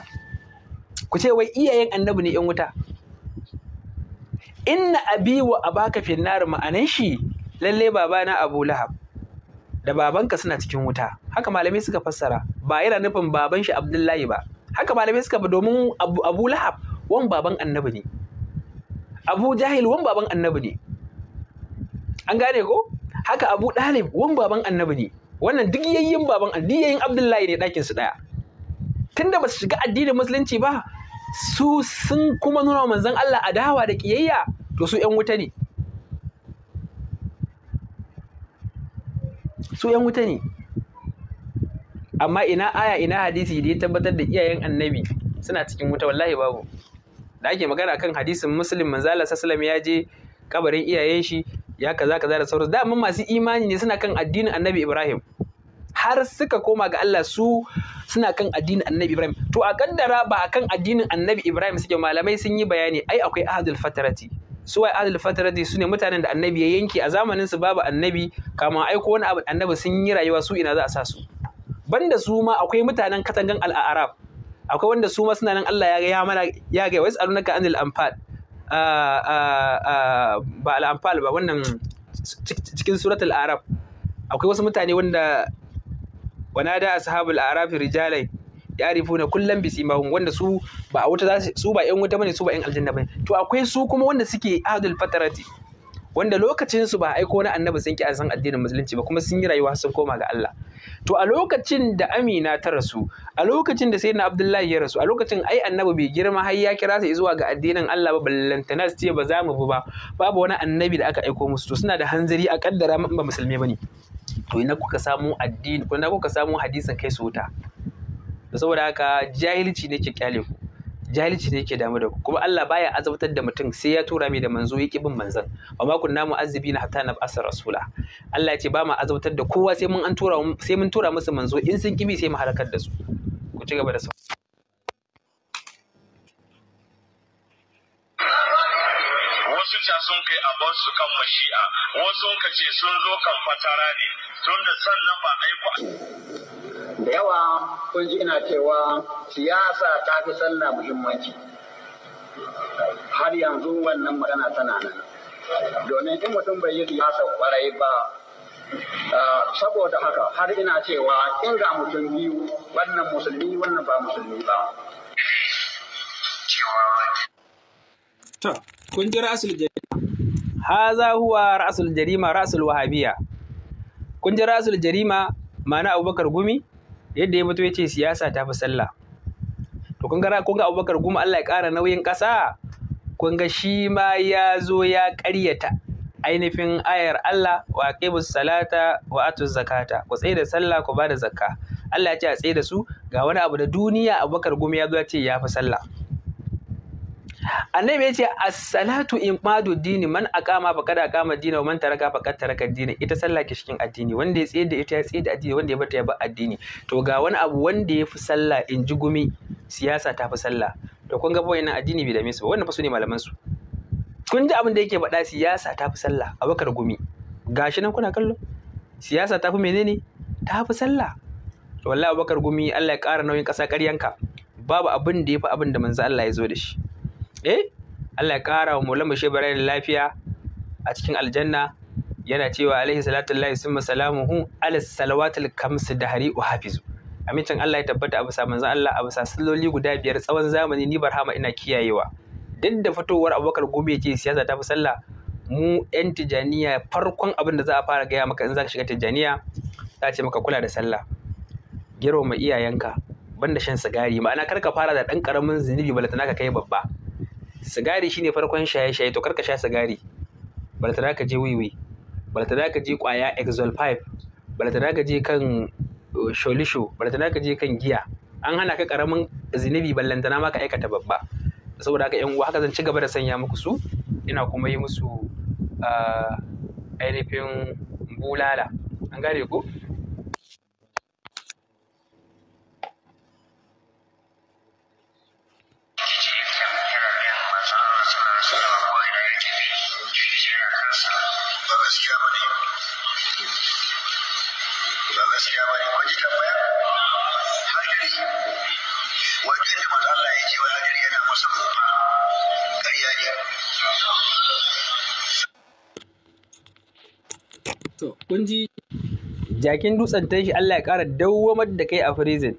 ku ce wai iyayen annabi ne yan wuta inna abi wa abaka finnar ma'anan shi lalle babana Abu Lahab da babanka suna cikin wuta haka malamai suka fassara ba yana nufin baban shi Abdullahi ba haka malamai suka domin Abu Lahab wan baban annabi ne Abu Jahil wan baban annabi ne an gane ko haka Abu Dalib wan baban annabi ne wannan duk yayyin baban yayyin Abdullahi ne dakin su ɗaya tunda ba su shiga addinin musulunci ba su sun kuma nuna manzon Allah adawa da kiyayya to su ‘yan wuta ne su ‘yan wuta ne amma ina aya ina hadisi da ya tabbatar da iyayen annabi suna cikin wuta wallahi babu da ake magana kan hadisin muslim manzala sassalam ya je kabarin iyayen shi ya kaza kaza da sauransu da masu imani ne suna kan addinin annabi ibrahim har suka koma ga Allah su suna kan addinin Annabi Ibrahim to a kaddara ba a kan addinin Annabi Ibrahim suke malamai sun yi bayani ai akwai ahadul fatarati su wai adil fatarati su ne mutanen da annabi ya yanke a zamanin su babu annabi kama aiko wani abu annabi sun yi rayuwa su ina za a sa su banda su ma akwai mutanen katangan al'arab akwai wanda su ma suna nan Allah ya ga ya mana ya ga wais alunaka anil anfal ba al anfal ba wannan cikin suratul arab akwai wasu mutane wanda wana ashabul arab rijalai yarifuna kullum bisi mahun wanda su ba a wuta su ba yan wuta bane su ba yan aljanna bane to akwai su kuma wanda suke ahlul fatarati wanda lokacin su ba aiko na annabi sun ki san addinin musulunci ba kuma sun yi rayuwa sun koma ga Allah to a lokacin da Amina ta rasu a lokacin da sayyidina Abdullahi ya rasu a lokacin ai annabi bai girma har ya kira sa zuwa ga addinin Allah ba ballantana su ce ba za mu bi ba babu wani annabi da aka aiko musu to suna da hanzari a kaddara ba musulmi bane to ina kuka samu addini ko ina kuka samu hadisin kai su wuta da saboda haka jahilci ne ke kyale ku jahilci ne ke damu da ku kuma Allah baya azabtar da mutum sai ya tura mai da manzo yake bin manzon wa ma kunna mu'azzibina hatta nab'asa rasula Allah ya ce ba mu azabtar da kowa sai mun an tura sai mun tura musu manzo in sun kimi sai mu halakar da su ku ci gaba da sau wasu ca sun kai a su kan mashi'a wasu ka ce sun zo kan fatara ne tunda sannan ba aiko Da yawa kun ji ina cewa siyasa ta fi sallah muhimmanci. Har yanzu wannan magana tana nan. Domin in mutum bai yi siyasa kwarai ba, saboda haka har ina cewa in ga mutum biyu wannan musulmi wannan ba musulmi ba. kun ji ra'asul jarima. Haza huwa ra'asul jarima ra'asul wahabiya. Kun ji ra'asul jarima ma'ana Abubakar Gumi yadda ya mutu ya ce siyasa ta fi sallah to kun ga kun ga Abubakar kuma Allah ya ƙara nauyin ƙasa kun ga shi ma ya zo ya ƙaryata ainihin ayar Allah wa aqimus salata wa atu zakata ku tsaye da sallah ku ba da zakka Allah ya ce a tsaye da su ga wani abu da duniya Abubakar gumi ya zo ya ce ya fi sallah annabi ya ce as-salatu imadu dini man aqama faqad aqama dini wa man taraka faqad taraka dini ita sallah ke cikin addini wanda ya tsaye da ita ya tsaye da addini wanda ya bata ya ba addini to ga wani abu wanda ya fi sallah in ji gumi siyasa ta fi sallah to kun ga wayannan addini bai da su wannan fa su ne malaman su kun ji abin da yake faɗa siyasa ta fi sallah abakar gumi gashi nan kuna kallo siyasa ta fi menene ta fi sallah wallahi abakar gumi Allah ya ƙara nauyin ƙasa ƙaryanka babu abin da ya fi abin da manzo Allah ya zo da shi eh Allah ya ƙara wa Maulana Bashir Ibrahim lafiya a cikin aljanna yana cewa alaihi salatu lillahi summa salamuhu ala salawatil kams dahari wa hafizu amincin Allah ya tabbata a bisa manzon Allah a bisa salloli guda biyar tsawon zamani ni barhama ina kiyayewa duk da fitowar Abubakar Gombe ce siyasa ta fi sallah mu 'yan tijaniya farkon abin da za a fara gaya maka in za ka shiga tijaniya za a ce maka kula da sallah girmama iyayenka banda shan sigari ma'ana kar ka fara da ɗan ƙaramin zunubi balantana ka kai babba sigari shine farkon shaye-shaye to karka sha sigari balantana ka je wiwi balantana ka je kwaya exol 5 balantana ka je kan sholisho uh, balantana ka je kan giya an hana ka karamin zinubi ballantana ma ka aikata babba saboda haka yan uwa haka zan ci gaba da sanya muku su ina kuma yi musu uh, ainihin bulala an gane ku shiga bane ko ji tambaya hadari wajen da manzo Allah ya ce wa hadari yana masa rufa ƙarya ne to kun ji jakin dutsen tashi Allah ya ƙara dawwamar da kai a firizin.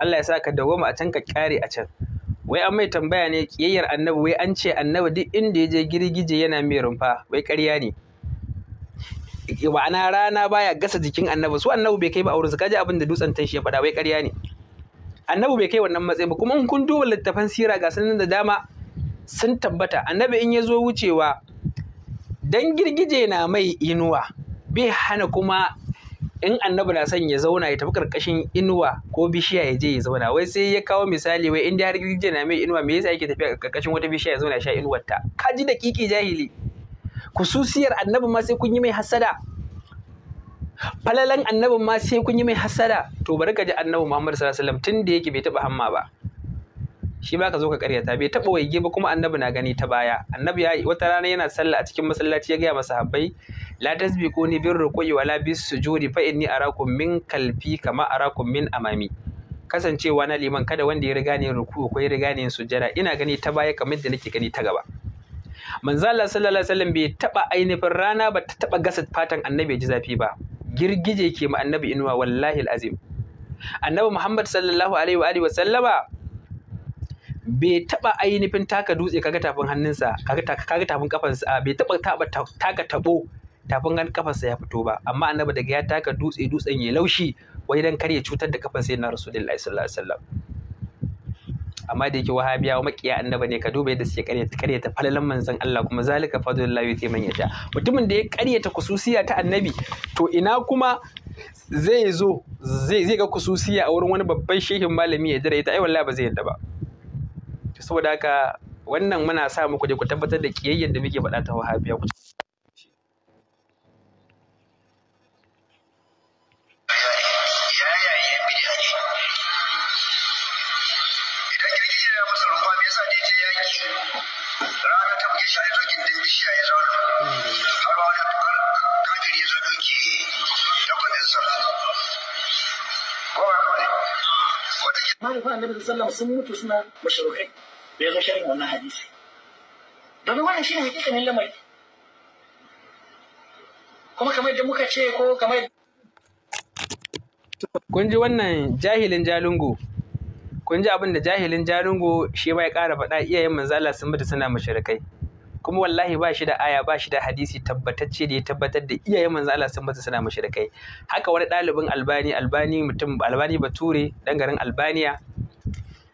Allah ya sa ka dawwama a can ka ƙare a can wai an mai tambaya ne ƙiyayyar annabi wai an ce annabi duk inda ya je girgije yana mai rumfa wai ƙarya ne ma'ana rana baya gasa jikin annabi su annabi bai kai ba su kaji abin da dutsen tashi ya faɗa wai ƙarya ne annabi bai kai wannan matsayin ba kuma in kun duba littafan sira ga sanin da dama sun tabbata annabi in ya zo wucewa dan girgije na mai inuwa bai hana kuma in annabi na son ya zauna ya tafi karkashin inuwa ko bishiya ya je ya zauna wai sai ya kawo misali wai in da har girgije na mai inuwa me yasa yake tafiya karkashin wata bishiya ya zauna ya sha inuwar ta ka ji da jahili kususiyar annabin ma sai kun yi mai hasada falalan annabin ma sai kun yi mai hasada to bari ka ji annabi Muhammad sallallahu alaihi wasallam tun da yake bai taba hamma ba shi ba ka zo ka karyata bai taba waige ba kuma annabi na gani ta baya annabi ya wata rana yana sallah a cikin masallaci ya gaya masa habbai la tasbiqu ni bir ruku'i wa la bis sujudi fa inni arakum min kalfi kama arakum min amami kasancewa na liman kada wanda ya riga ni ruku'u ko ya riga ni sujjada ina gani ta baya kamar da nake gani ta gaba manzo Allah sallallahu alaihi wasallam bai taba ainihin rana ba ta taba gasa fatan annabi ya ji zafi ba girgije ke ma annabi inuwa wallahi alazim annabi Muhammad sallallahu alaihi wa alihi wasallama bai taba ainihin taka dutse kaga tafin hannunsa kaga kaga tafin kafansa bai taba taba taka tabo tafin gan kafansa ya fito ba amma annabi daga ya taka dutse dutsen ya laushi wai dan kar ya cutar da kafarsa na rasulullahi sallallahu alaihi wasallam amma da yake wahabiyawa makiya annaba ne ka duba yadda suke karyata karyata falalan manzon Allah kuma zalika fadlullahi yuti man yasha mutumin da ya karyata kususiya ta annabi to ina kuma zai zo zai ga kususiya a wurin wani babban shehin malami ya dare ta ai wallahi ba zai yadda ba saboda haka wannan muna sa muku da ku tabbatar da kiyayyar da muke faɗa ta wahabiya fa annabi sallam sun mutu suna mushrikai bai ga zo sharin wannan hadisi domin wannan shine hakikanin lamari kuma kamar yadda muka ce ko kamar kun ji wannan jahilin jalungu kun ji abin da jahilin jalungu shi bai ƙara faɗa iyayen manzala sun mutu suna mushrikai kuma wallahi ba shi da aya ba shi da hadisi tabbatacce da ya tabbatar da iyayen manzo Allah sun masa suna kai. haka wani ɗalibin albani albani mutum albani bature dan garin albaniya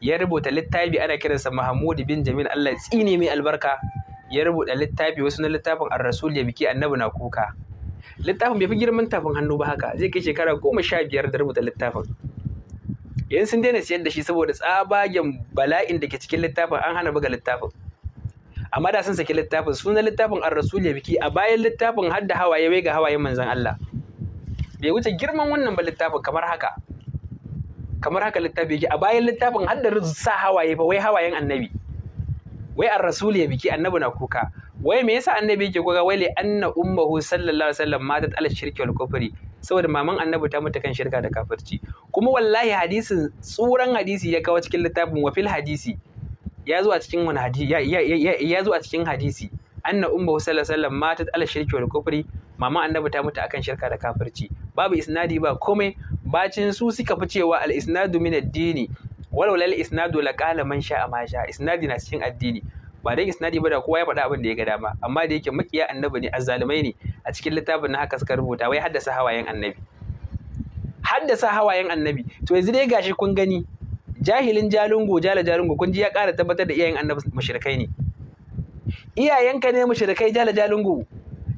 ya rubuta littafi ana kiransa Mahmud bin Jamil Allah tsine mai albarka ya rubuta littafi wasu na littafin ar-rasul ya biki annabi na kuka littafin bai fi girman tafin hannu ba haka zai kai shekara goma sha biyar da rubuta littafin yan sun daina siyar da shi saboda tsabagen bala'in da ke cikin littafin an hana buga littafin amma da sun saki littafin sunan littafin ar rasul ya biki a bayan littafin har da hawaye wai ga hawaye manzan Allah bai wuce girman wannan ba littafin kamar haka kamar haka littafi yake a bayan littafin har da sa hawaye ba wai hawayen annabi wai ar rasul ya biki annabi na kuka wai me yasa annabi yake kuka wai anna ummuhu sallallahu alaihi wasallam matat al shirki wal kufri saboda maman annabi ta mutu kan shirka da kafirci kuma wallahi hadisin tsuran hadisi ya kawo cikin littafin wa fil hadisi ya zo cikin wani hadisi ya zo a cikin hadisi anna umma sallallahu alaihi matat ala shirki wal kufri mama annabi ta mutu akan shirka da kafirci babu isnadi ba komai bacin su suka fi cewa al isnadu min ad-dini walau lal isnadu la qala man sha'a ma sha'a isnadi na cikin addini ba dai isnadi ba da kowa ya faɗa abin da ya ga dama amma da yake makiya annabi ne azzalumai ne a cikin littafin na haka suka rubuta wai haddasa hawayen annabi haddasa hawayen annabi to yanzu dai gashi kun gani jahilin jalungo jala jalungo kun ji ya ƙara tabbatar da iyayen annabi mushrikai ne iyayenka ne mushrikai jala jalungo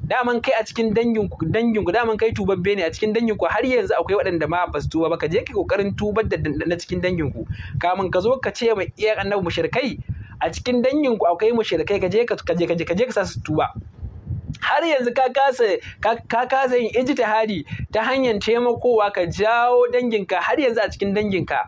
daman kai a cikin danginku danginku daman kai tubabbe ne a cikin danginku har yanzu akwai waɗanda ma ba su tuba ba ka je kai kokarin tubar da na cikin danginku kamin ka zo ka ce mai iyayen annabi mushrikai a cikin danginku akwai mushrikai ka je ka je ka je ka je ka sa su tuba har yanzu ka kasa ka kasa yin ijtihadi ta hanyar taimakowa ka jawo danginka har yanzu a cikin danginka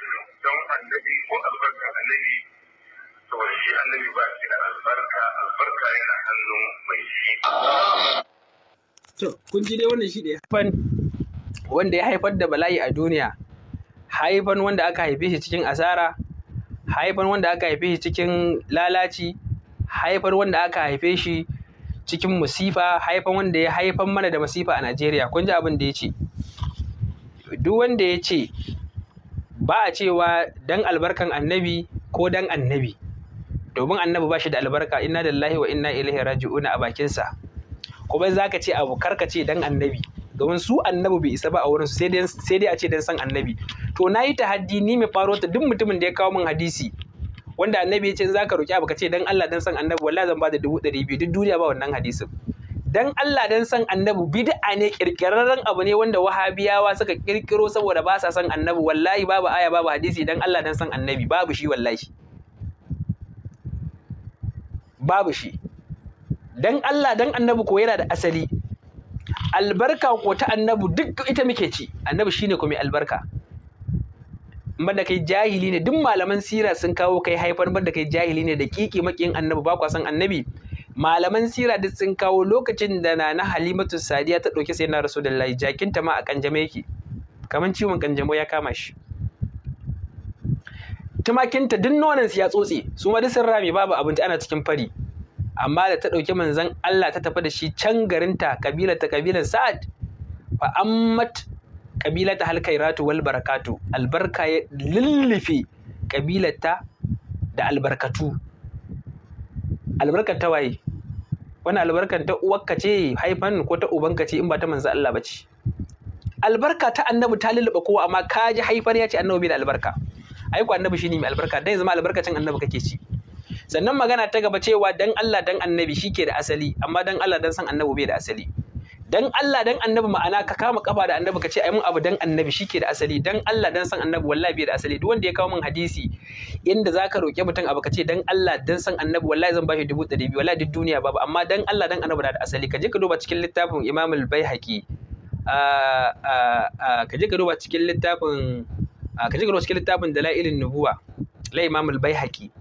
don annabi ko albarka annabi to shi annabi ba shi da albarka albarka yana hannun mai shi to kun ji dai wannan shi da ya haifan wanda ya haifar da bala'i a duniya haifan wanda aka haife shi cikin asara haifan wanda aka haife shi cikin lalaci haifar wanda aka haife shi cikin musifa haifan wanda ya haifan mana da masifa a Najeriya kun ji abin da ya ce duk wanda ya ce ba a cewa dan albarkan annabi ko dan annabi domin annabi ba shi da albarka inna lillahi wa inna ilaihi raji'una a bakinsa kuma za ka ce abu karka ce dan annabi domin su annabi bai isa ba a wurin sai dai a ce dan san annabi to na yi haddi ni mai faro ta duk mutumin da ya kawo min hadisi wanda annabi ya ce za ka roki abu ka ce dan Allah dan san annabi wallahi zan ba da dubu ɗari biyu duk duniya ba wannan hadisin dan Allah dan san annabi bid'a ne kirkirarren abu ne wanda wahabiyawa suka kirkiro saboda ba sa san annabi wallahi babu aya babu hadisi dan Allah dan san annabi babu shi wallahi babu shi dan Allah dan annabi ko yana da asali albarka ko ta annabi duk ita muke ci annabi shine ko mai albarka banda kai jahili ne duk malaman sira sun kawo kai haifar banda kai jahili ne da kiki makiyin annabi ba kwa san annabi malaman sira duk sun kawo lokacin da na na halimatu sadiya ta ɗauki sai na rasulullahi jakinta ma a kanjama yake kamar ciwon kanjamo ya kama shi tumakinta duk nonon su ya tsotse su ma duk sun rame babu abinci ana cikin fari amma da ta ɗauki manzon Allah ta tafi da shi can garinta kabilar ta kabilar Sa'ad fa ammat kabilar ta halkairatu wal barakatu albarka ya lullufe kabilar ta da albarkatu albarkar ta waye wannan albarkar ta uwarka ce haifan ko ta ubanka ce in ba ta manzo Allah ba ce albarka ta annabi ta lulluɓa kowa amma ka ji haifar ya ce annabi bai da albarka ai ko annabi shine mai albarka dan zama albarkacin annabi kake ci sannan magana ta gaba cewa dan Allah dan annabi shike da asali amma dan Allah dan san annabi bai da asali dan Allah dan annabi ma'ana ka kama kafa da annabi ka ce ai mun abu dan annabi shike da asali dan Allah dan san annabi wallahi bai da asali duk wanda ya kawo min hadisi inda zaka roke mutum abu ka ce dan Allah dan san annabi wallahi zan bashi dubu ɗari biyu wallahi duk duniya babu amma dan Allah dan annabi da asali ka je ka duba cikin littafin Imam al-Baihaqi ka je ka duba cikin littafin ka je ka duba cikin littafin Dalailin Nubuwa la Imam al-Baihaqi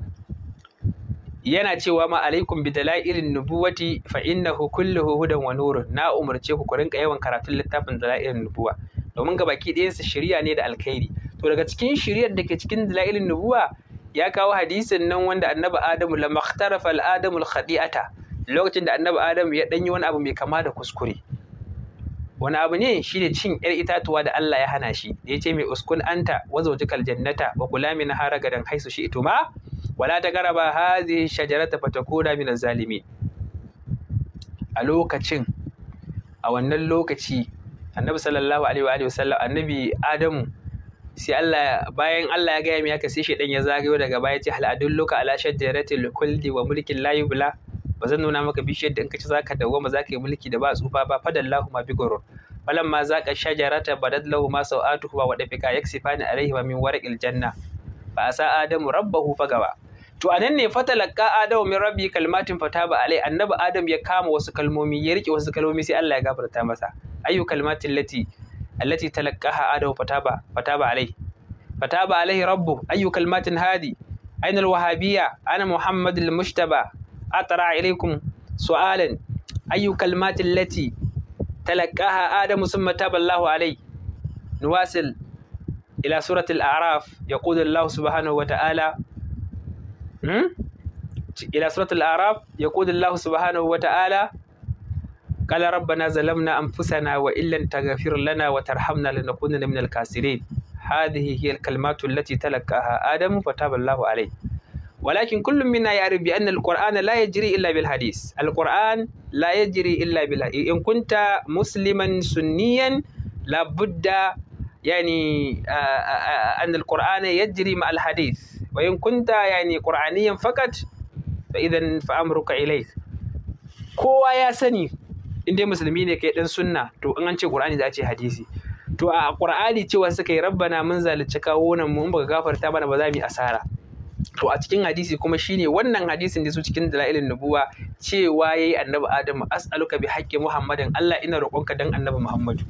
yana cewa ma alaikum bi dalailin nubuwati fa innahu kulluhu hudan wa nurun na umarce ku ku rinka yawan karatun littafin dalailin nubuwa domin ga baki ɗayan su shirya ne da alkhairi to daga cikin shiryar da ke cikin dalailin nubuwa ya kawo hadisin nan wanda annabi adamu la makhtarafa al adamu al khadi'ata lokacin da annabi adamu ya danyi wani abu mai kama da kuskure wani abu ne shine cin yar itatuwa da Allah ya hana shi ya ce mai uskun anta wa jannata wa kula min haraga dan haisu shi ituma wala taqraba hadhihi shajarata fatakuna min zalimin a lokacin a wannan lokaci annabi sallallahu alaihi wa alihi wasallam annabi adamu sai Allah bayan Allah ya gaya mai haka sai shedan ya zagayo daga baya ce hal adulluka ala shajaratil khuldi wa mulkin la yubla ba zan nuna maka bishiyar da in ka ci zaka dawwama zaka yi mulki da ba tsufa ba fadallahu ma bigoro ma zaka shajarata badad lahu ma sawatuhu wa dafika yaksifani alaihi wa min warqil janna Ba a sa adamu rabbahu fagawa to a nan ne fatalaka adamu min rabbi kalmatin fataba alai annabi Adamu ya kama wasu kalmomi ya rike wasu kalmomi sai Allah ya gafarta masa ayu kalmatin lati allati talaqaha adamu fataba fataba alai fataba alai rabbu ayu kalmatin hadi aina alwahabiyya ana muhammadul mushtaba atara ilaikum su'alan ayu kalmatin lati talaqaha adamu summa taballahu alai nuwasil ila suratul a'raf yaqulu Allah subhanahu wa ta'ala ila suratul a'raf yaqulu Allah subhanahu wa ta'ala قال ربنا ظلمنا أنفسنا وإن لم تغفر لنا وترحمنا لنكونن من الكاسرين هذه هي الكلمات التي تلقاها آدم فتاب الله عليه ولكن كل منا يعرف بأن القرآن لا يجري إلا بالحديث القرآن لا يجري إلا بالحديث إن كنت مسلما سنيا لابد يعني أن القرآن يجري مع الحديث وإن كنت يعني قرآنيا idan fa فأمرك إليه kowa ya sani in dai musulmi ne kai dan sunna to in an ce qur'ani za a ce hadisi to a qur'ani cewa suka yi rabbana mun zalunci kawo nan mu in baka gafarta mana ba za mu yi asara to a cikin hadisi kuma shine wannan hadisin da su cikin dalailin nubuwa cewa yayi annabi adamu as'aluka bi haqqi muhammadin allah ina roƙonka dan annabi muhammadu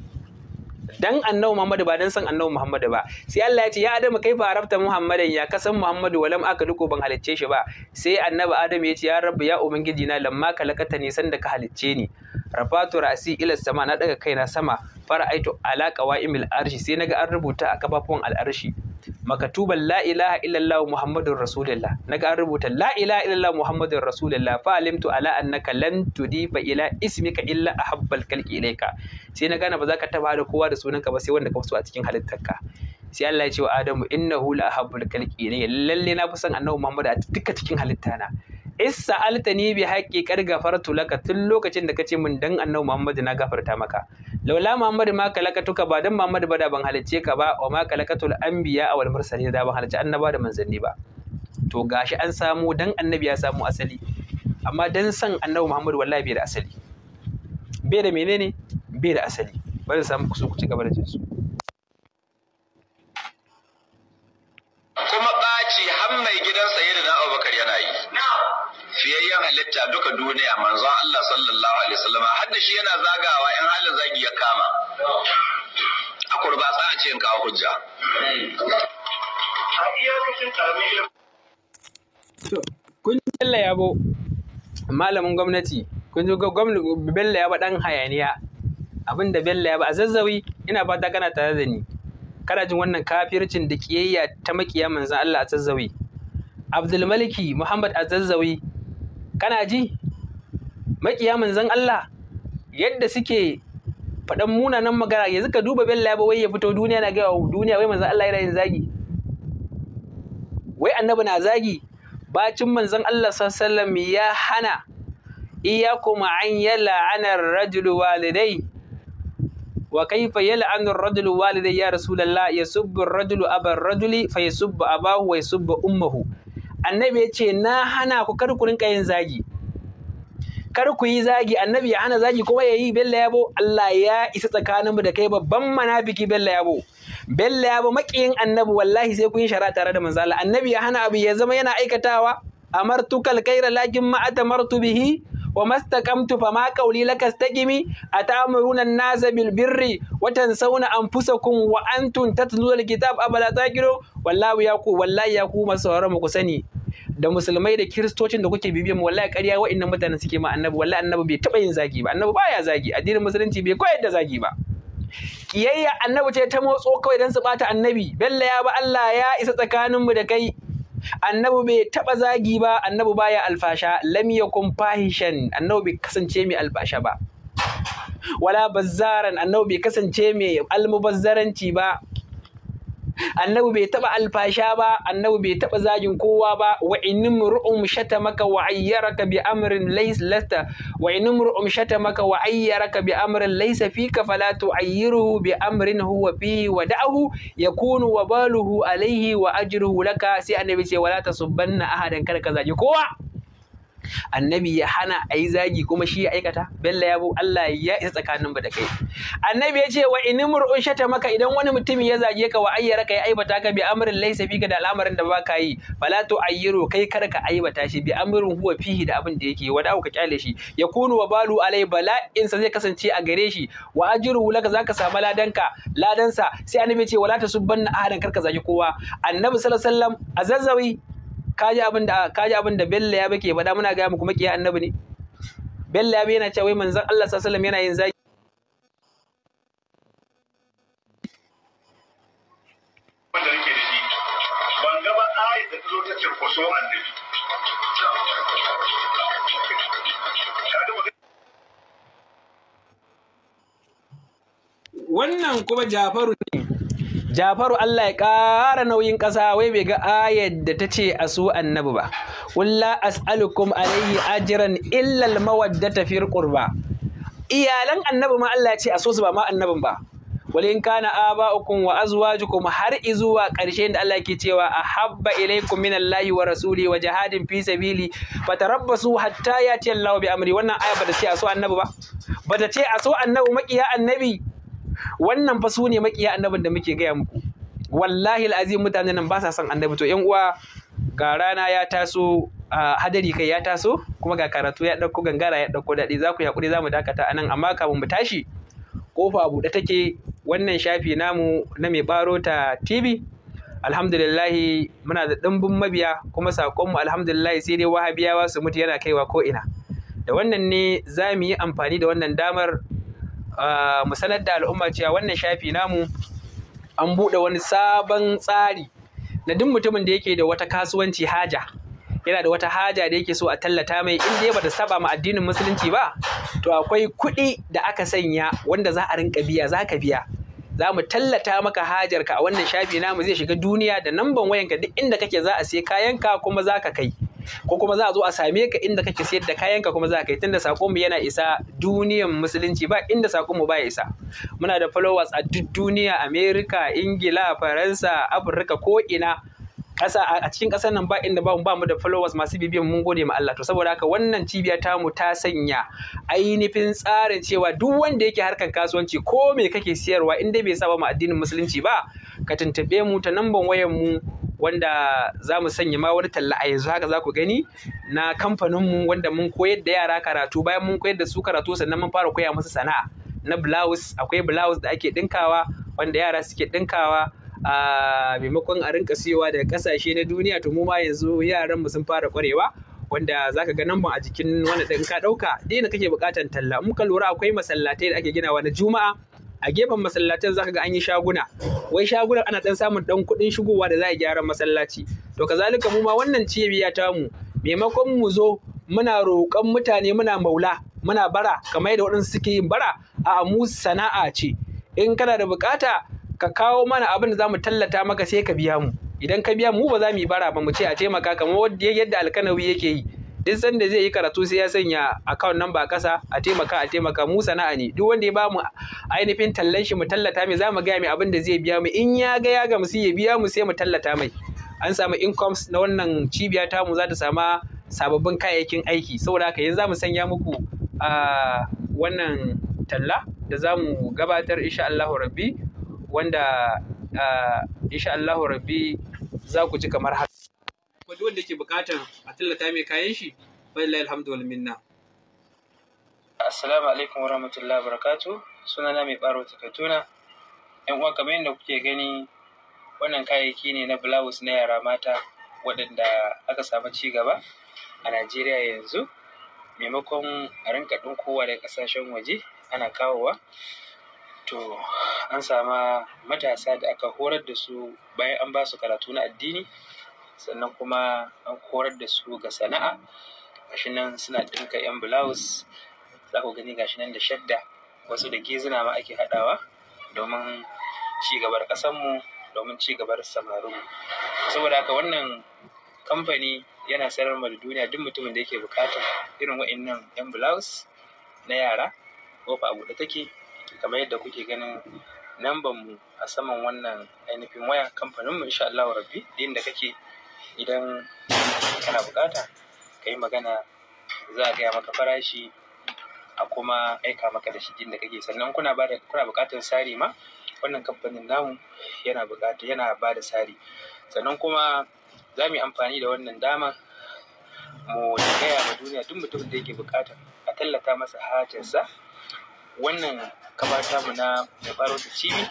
dan annabi Muhammadu ba dan san annabi muhammad ba sai Allah ya ce ya Adamu kai fa arabta Muhammadan ya kasan Muhammadu walam aka duko ban halicce shi ba sai annabi Adamu ya ce ya Rabbi ya ubangiji na lamma kalakata ne san da ka halicce ni rafatu ra'si ila sama na daga kaina sama Fara fara'aitu ala imil arshi sai naga an rubuta a kafafuwan al'arshi makatuban la ilaha illallah muhammadur rasulullah naga an rubuta la ilaha illallah muhammadur rasulullah fa alimtu ala annaka lan tudifa ila ismika illa ahabbal kalki ilayka sai na gane ba za ka taba da kowa da sunanka ba sai wanda ka so a cikin halittarka sai Allah ya ce wa Adamu innahu la ahabbul kalki ilayya lalle na fi son annabi Muhammad a duka cikin halittana issa altani bi haƙƙi kar gafartu laka tun lokacin da kace min dan annabi Muhammad na gafarta maka laula Muhammad ma kalakatuka ba dan Muhammad ba da ban halicce ka ba wa ma kalakatul anbiya wal mursalin da ban halicce annaba da manzanni ba to gashi an samu dan annabi ya samu asali amma dan san annabi Muhammad wallahi bai da asali bai da menene bai da asali bari samu ku so ku ci gaba da jinsu kuma ɓaci har mai gidan halitta duka duniya manzon Allah sallallahu alaihi wasallam har da shi yana zagawa in halin zagi ya kama a kurbatsa a ce in kawo hujja kun talla yabo malamin gwamnati kun ji gwamnati bello yabo dan hayaniya abinda bella bello yabo a zazzawi ina fata kana tare da ni kana jin wannan kafircin da kiyayya ta makiya manzon Allah a zazzawi Abdulmaliki Muhammad Azazzawi kana ji maƙiya manzon Allah yadda suke faɗan munanan magana yanzu ka duba bella ba wai ya fito duniya na gaya duniya wai manzon Allah yana yin zagi wai annabi na zagi bacin manzon Allah sallallahu alaihi ya hana iyyakum an yal'ana ar rajul walidai wa kaifa yal'anu ar rajul walidai ya rasulullah yasubbu ar-rajulu aba ar-rajuli fa yasubbu abahu wa yasubbu ummuhu annabi ya ce na hana ku kar ku rinka yin zagi kar ku yi zagi annabi ya hana zagi kuma ya yi bella yabo Allah ya isa tsakanin mu da kai babban manafiki bella yabo bella yabo makiyin annabi wallahi sai ku yi shara tare da manzo annabi ya hana abu ya zama yana aikatawa kal kaira lakin ma atamartu bihi wa mastaqamtu ma qawli lakastaqimi atamuruna an-nasa bil birri wa tansawna anfusakum wa antum tatluna al-kitab abala taqiru wallahi yaqu wallahi ya ku masu sani da musulmai da kiristocin da kuke bibiyan mu wallahi ƙarya wa'annan mutanen suke ma annabi wallahi annabi bai taɓa yin zagi ba annabi baya zagi addinin musulunci bai koyar da zagi ba kiyayya annabi ce ta motso kawai don su bata annabi bella ya ba Allah ya isa tsakanin mu da kai annabi bai taba zagi ba annabi baya alfasha lam yakun fahishan annabi bai kasance mai alfasha ba wala bazzaran annabi bai kasance mai almubazzaranci ba annabi bai taɓa alfasha ba annabi bai taɓa zagin kowa ba wa innim ru'um shata maka wa ayyaraka bi amrin lays lasta wa innim ru'um shata maka wa ayyaraka bi amrin laysa fika fala tu'ayyiruhu bi amrin huwa fihi wa da'ahu yakunu wa baluhu alayhi wa ajruhu laka sai annabi ce wala tasubbanna ahadan kada ka zagi kowa annabi ya hana a yi zagi kuma shi ya aikata bella yabo Allah ya isa tsakanin da kai annabi ya ce wa in mur'un shata maka idan wani mutum ya zage ka wa ayyara ka ya aibata ka bi amrin laysa fika da al'amarin da baka yi fala tu ayyiru kai kar ka aibata shi bi amrin huwa fihi da abin da yake wa da ka kyale shi Ya kunu wa balu alai in sa zai kasance a gare shi wa ajiru laka zaka samu ladan sa? sai annabi ya ce wala na ahadan kar ka zage kowa annabi sallallahu alaihi wasallam azazzawi kaji abin da kaji abin da Bello ya bake faɗa muna ga mu kuma kiyaye annabi ne Bello ya yana cewa wai manzon Allah sallallahu alaihi wasallam yana yin zagi wannan kuma Jafaru ne jafaru Allah ya ƙara nauyin ƙasa wai bai ga ayar da ta ce a su annabi ba kulla as'alukum alaihi ajiran illal mawaddata fil qurba iyalan annabi ma Allah ya ce a su ba ma annabin ba Walin kana aba'ukum wa azwajukum har izuwa ƙarshe da Allah ke cewa a ahabba ilaykum minallahi wa rasuli wa jihadin fi sabili fatarabbasu hatta yati Allahu bi amri wannan aya ta ce a so annabi ba ta ce a so annabi makiya annabi wannan fa su ne makiya annabin da muke gaya muku wallahi al'azim mutanen nan ba sa son annabi to yan uwa ga rana ya taso hadari kai ya taso kuma ga karatu ya ɗauko gangara ya ɗauko daɗi za ku yaƙuri za mu dakata anan. amma kafin mu tashi kofa buɗe take wannan shafi namu na mai ta tv alhamdulillah muna da ɗimbin mabiya kuma saƙonmu alhamdulillah sai dai wahabiyawa su mutu yana kaiwa ko ina da wannan ne za mu yi amfani da wannan damar mu sanar da al'umma cewa wannan shafi namu an buɗe wani sabon tsari na duk mutumin da yake da wata kasuwanci haja yana da wata haja da yake so a tallata mai inda ya bata saba ma addinin musulunci ba to akwai kuɗi da aka sanya wanda za a rinka biya za ka biya za mu tallata maka hajarka a wannan shafi namu zai shiga duniya da namban wayanka duk inda kake za a sai kayanka kuma za ka kai ko kuma za a zo a same ka inda kake sayar da kayanka kuma za ka yi tunda sakonmu yana isa duniyan musulunci ba inda sakonmu ba ya isa muna da followers a duk duniya America Ingila Faransa Afirka ko ina kasa a cikin kasar nan ba inda ba mu ba mu da followers masu bibiyan mun gode ma Allah to saboda haka wannan cibiya ta mu ta sanya ainihin tsarin cewa duk wanda yake harkar kasuwanci ko me kake siyarwa inda bai saba mu addinin musulunci ba ka tuntuɓe mu ta number wayar mu wanda za mu sanya ma wani talla a yanzu haka za ku gani na kamfaninmu wanda mun koyar da yara karatu bayan mun koyar da su karatu sannan mun fara koya musu sana'a na blouse akwai blouse da ake dinkawa wanda yara suke dinkawa a maimakon a rinka siyowa daga kasashe na duniya to mu ma yanzu yaran mu sun fara kwarewa wanda zaka ga namban a jikin wani ɗin ka ɗauka na kake buƙatar talla mun ka lura akwai masallatai da ake ginawa na juma'a a gefen masallacin zaka ga an yi shaguna wai shagunan ana dan samun dan kuɗin shigowa da za a gyara masallaci to kazalika mu ma wannan cibiya ta mu maimakon mu zo muna roƙon mutane muna maula muna bara kamar yadda waɗansu suke yin bara a mu sana'a ce in kana da bukata ka kawo mana abin da zamu tallata maka sai ka biya mu idan ka biya mu ba za mu yi bara ba mu ce a taimaka kamar yadda alkanawi yake yi duk sanda zai yi karatu sai ya sanya account number kasa a taimaka a taimaka mu sana'a ne duk wanda ya bamu ainihin tallan shi mu tallata mai zamu ga mai abin da zai biya mu in ya ga ya gamsu ya biya mu sai mu tallata mai an samu incomes na wannan cibiya ta mu za ta sama sababbin kayayyakin aiki saboda haka yanzu mu sanya muku a wannan talla da zamu gabatar insha Allahu rabbi wanda insha Allahu rabbi za ku ji kamar haka A duk wanda ke bukatan a tallata mai kayan shi wallahi alhamdulillah minna assalamu alaikum wa rahmatullahi wa wabarakatuh sunana mai baro katuna yan uwa kamar yadda kuke gani wannan kayayyaki ne na blouse na yara mata waɗanda aka samu ci gaba a Najeriya yanzu maimakon a rinka kowa da ƙasashen waje ana kawowa to an sama matasa da aka horar da su bayan an ba su karatu na addini sannan kuma an korar da su ga sana'a gashi nan suna ɗinka 'yan blouse za ku gani gashi nan da shadda wasu da gizina ma ake haɗawa domin ci gabar ƙasanmu domin ci gabar samarinmu saboda haka wannan kamfani yana sayar da duniya duk mutumin da yake bukata irin wa'annan 'yan blouse na yara fa a da take kamar yadda kuke ganin namban mu a saman wannan ainihin waya kamfaninmu, mu insha Allah rabbi din da kake idan kana bukata ka yi magana za a gaya maka farashi a kuma aika maka da shi da kake sannan kuna ba kuna bukatar sari ma wannan kamfanin namu yana bukata yana ba da sari sannan kuma za mu yi amfani da wannan dama mu gaya ma duniya duk mutum da yake bukata a tallata masa hajarsa wannan kamata mu na faro ta cibi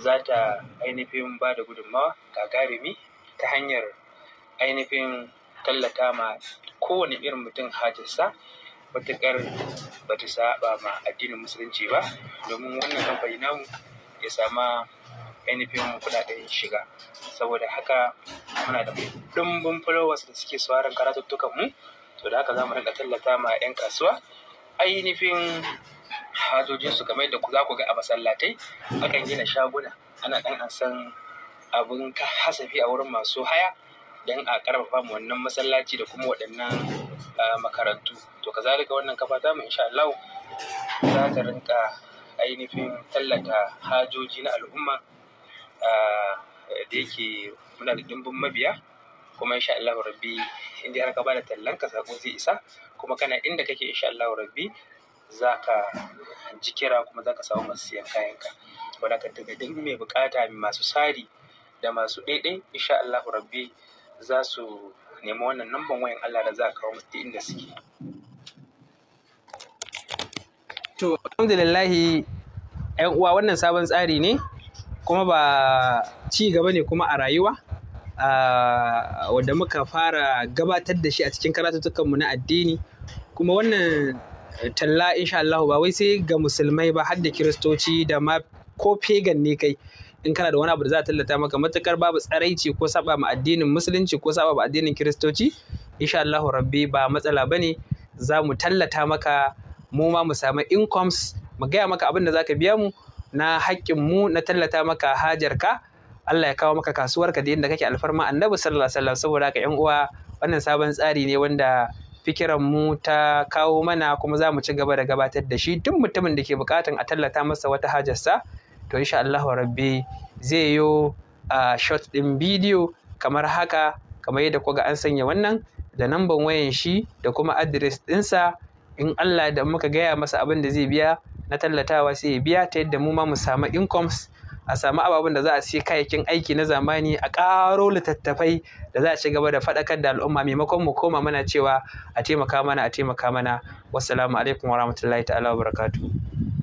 za ta ainihin ba da gudunmawa gagarumi ta hanyar ainihin tallata ma kowane irin mutum hajjarsa matuƙar ba ta saba ma addinin musulunci ba domin wannan kamfani namu ya sama ainihin kudaden shiga saboda haka muna da ɗumbin followers da suke sauraron karatuttukan mu to da haka za mu rinka tallata ma 'yan kasuwa ainihin hajojinsu kamar yadda za ku ga a masallatai akan gina shaguna ana ɗan an san abin hasafi a wurin masu haya don a karfafa mu wannan masallaci da kuma waɗannan makarantu to kazalika wannan kafa ta mu insha Allah za ta rinka ainihin tallata hajoji na al'umma da yake muna da dimbin mabiya kuma insha Allah rabbi inda har ka bada tallan ka sako zai isa kuma kana inda kake insha Allah rabbi ka ji kira kuma za ka samu masu siyan kayanka ka daga duk mai bukata masu sari da masu ɗaiɗai insha Allah rabbi za su nemi wannan numban wayan Allah da za a kawo musu inda suke. To, alhamdulillahi ‘yan uwa wannan sabon tsari ne kuma ba ci gaba ne kuma a rayuwa wadda muka fara gabatar da shi a cikin karatutukanmu na addini kuma wannan talla insha Allah ba wai sai ga musulmai ba har da kiristoci da ma ko pagan ne kai in kana da wani abu da za a tallata maka matukar babu tsaraici ko saba ma addinin musulunci ko saba ma addinin kiristoci insha Allah rabbi ba matsala bane za mu tallata maka mu ma mu samu incomes mu gaya maka abin da zaka biya mu na haƙƙin mu na tallata maka hajarka Allah ya kawo maka kasuwar ka da inda kake alfarma annabi sallallahu alaihi wasallam saboda haka ƴan uwa wannan sabon tsari ne wanda fikiran mu ta kawo mana kuma za mu ci gaba da gabatar da shi duk mutumin da ke bukatan a tallata masa wata hajarsa to insha Allah rabbi zai yo a shot ɗin bidiyo kamar haka kamar yadda kuka an sanya wannan da namban wayan shi da kuma adres ɗinsa in Allah da muka gaya masa abin da zai biya na tallatawa sai ya biya ta yadda mu ma mu samu incomes a samu ababen da za a sai kayakin aiki na zamani a ƙaro littattafai da za a ci gaba da faɗakar da al'umma maimakon mu koma mana cewa a taimaka mana a taimaka mana wassalamu alaikum warahmatullahi ta'ala wabarakatuh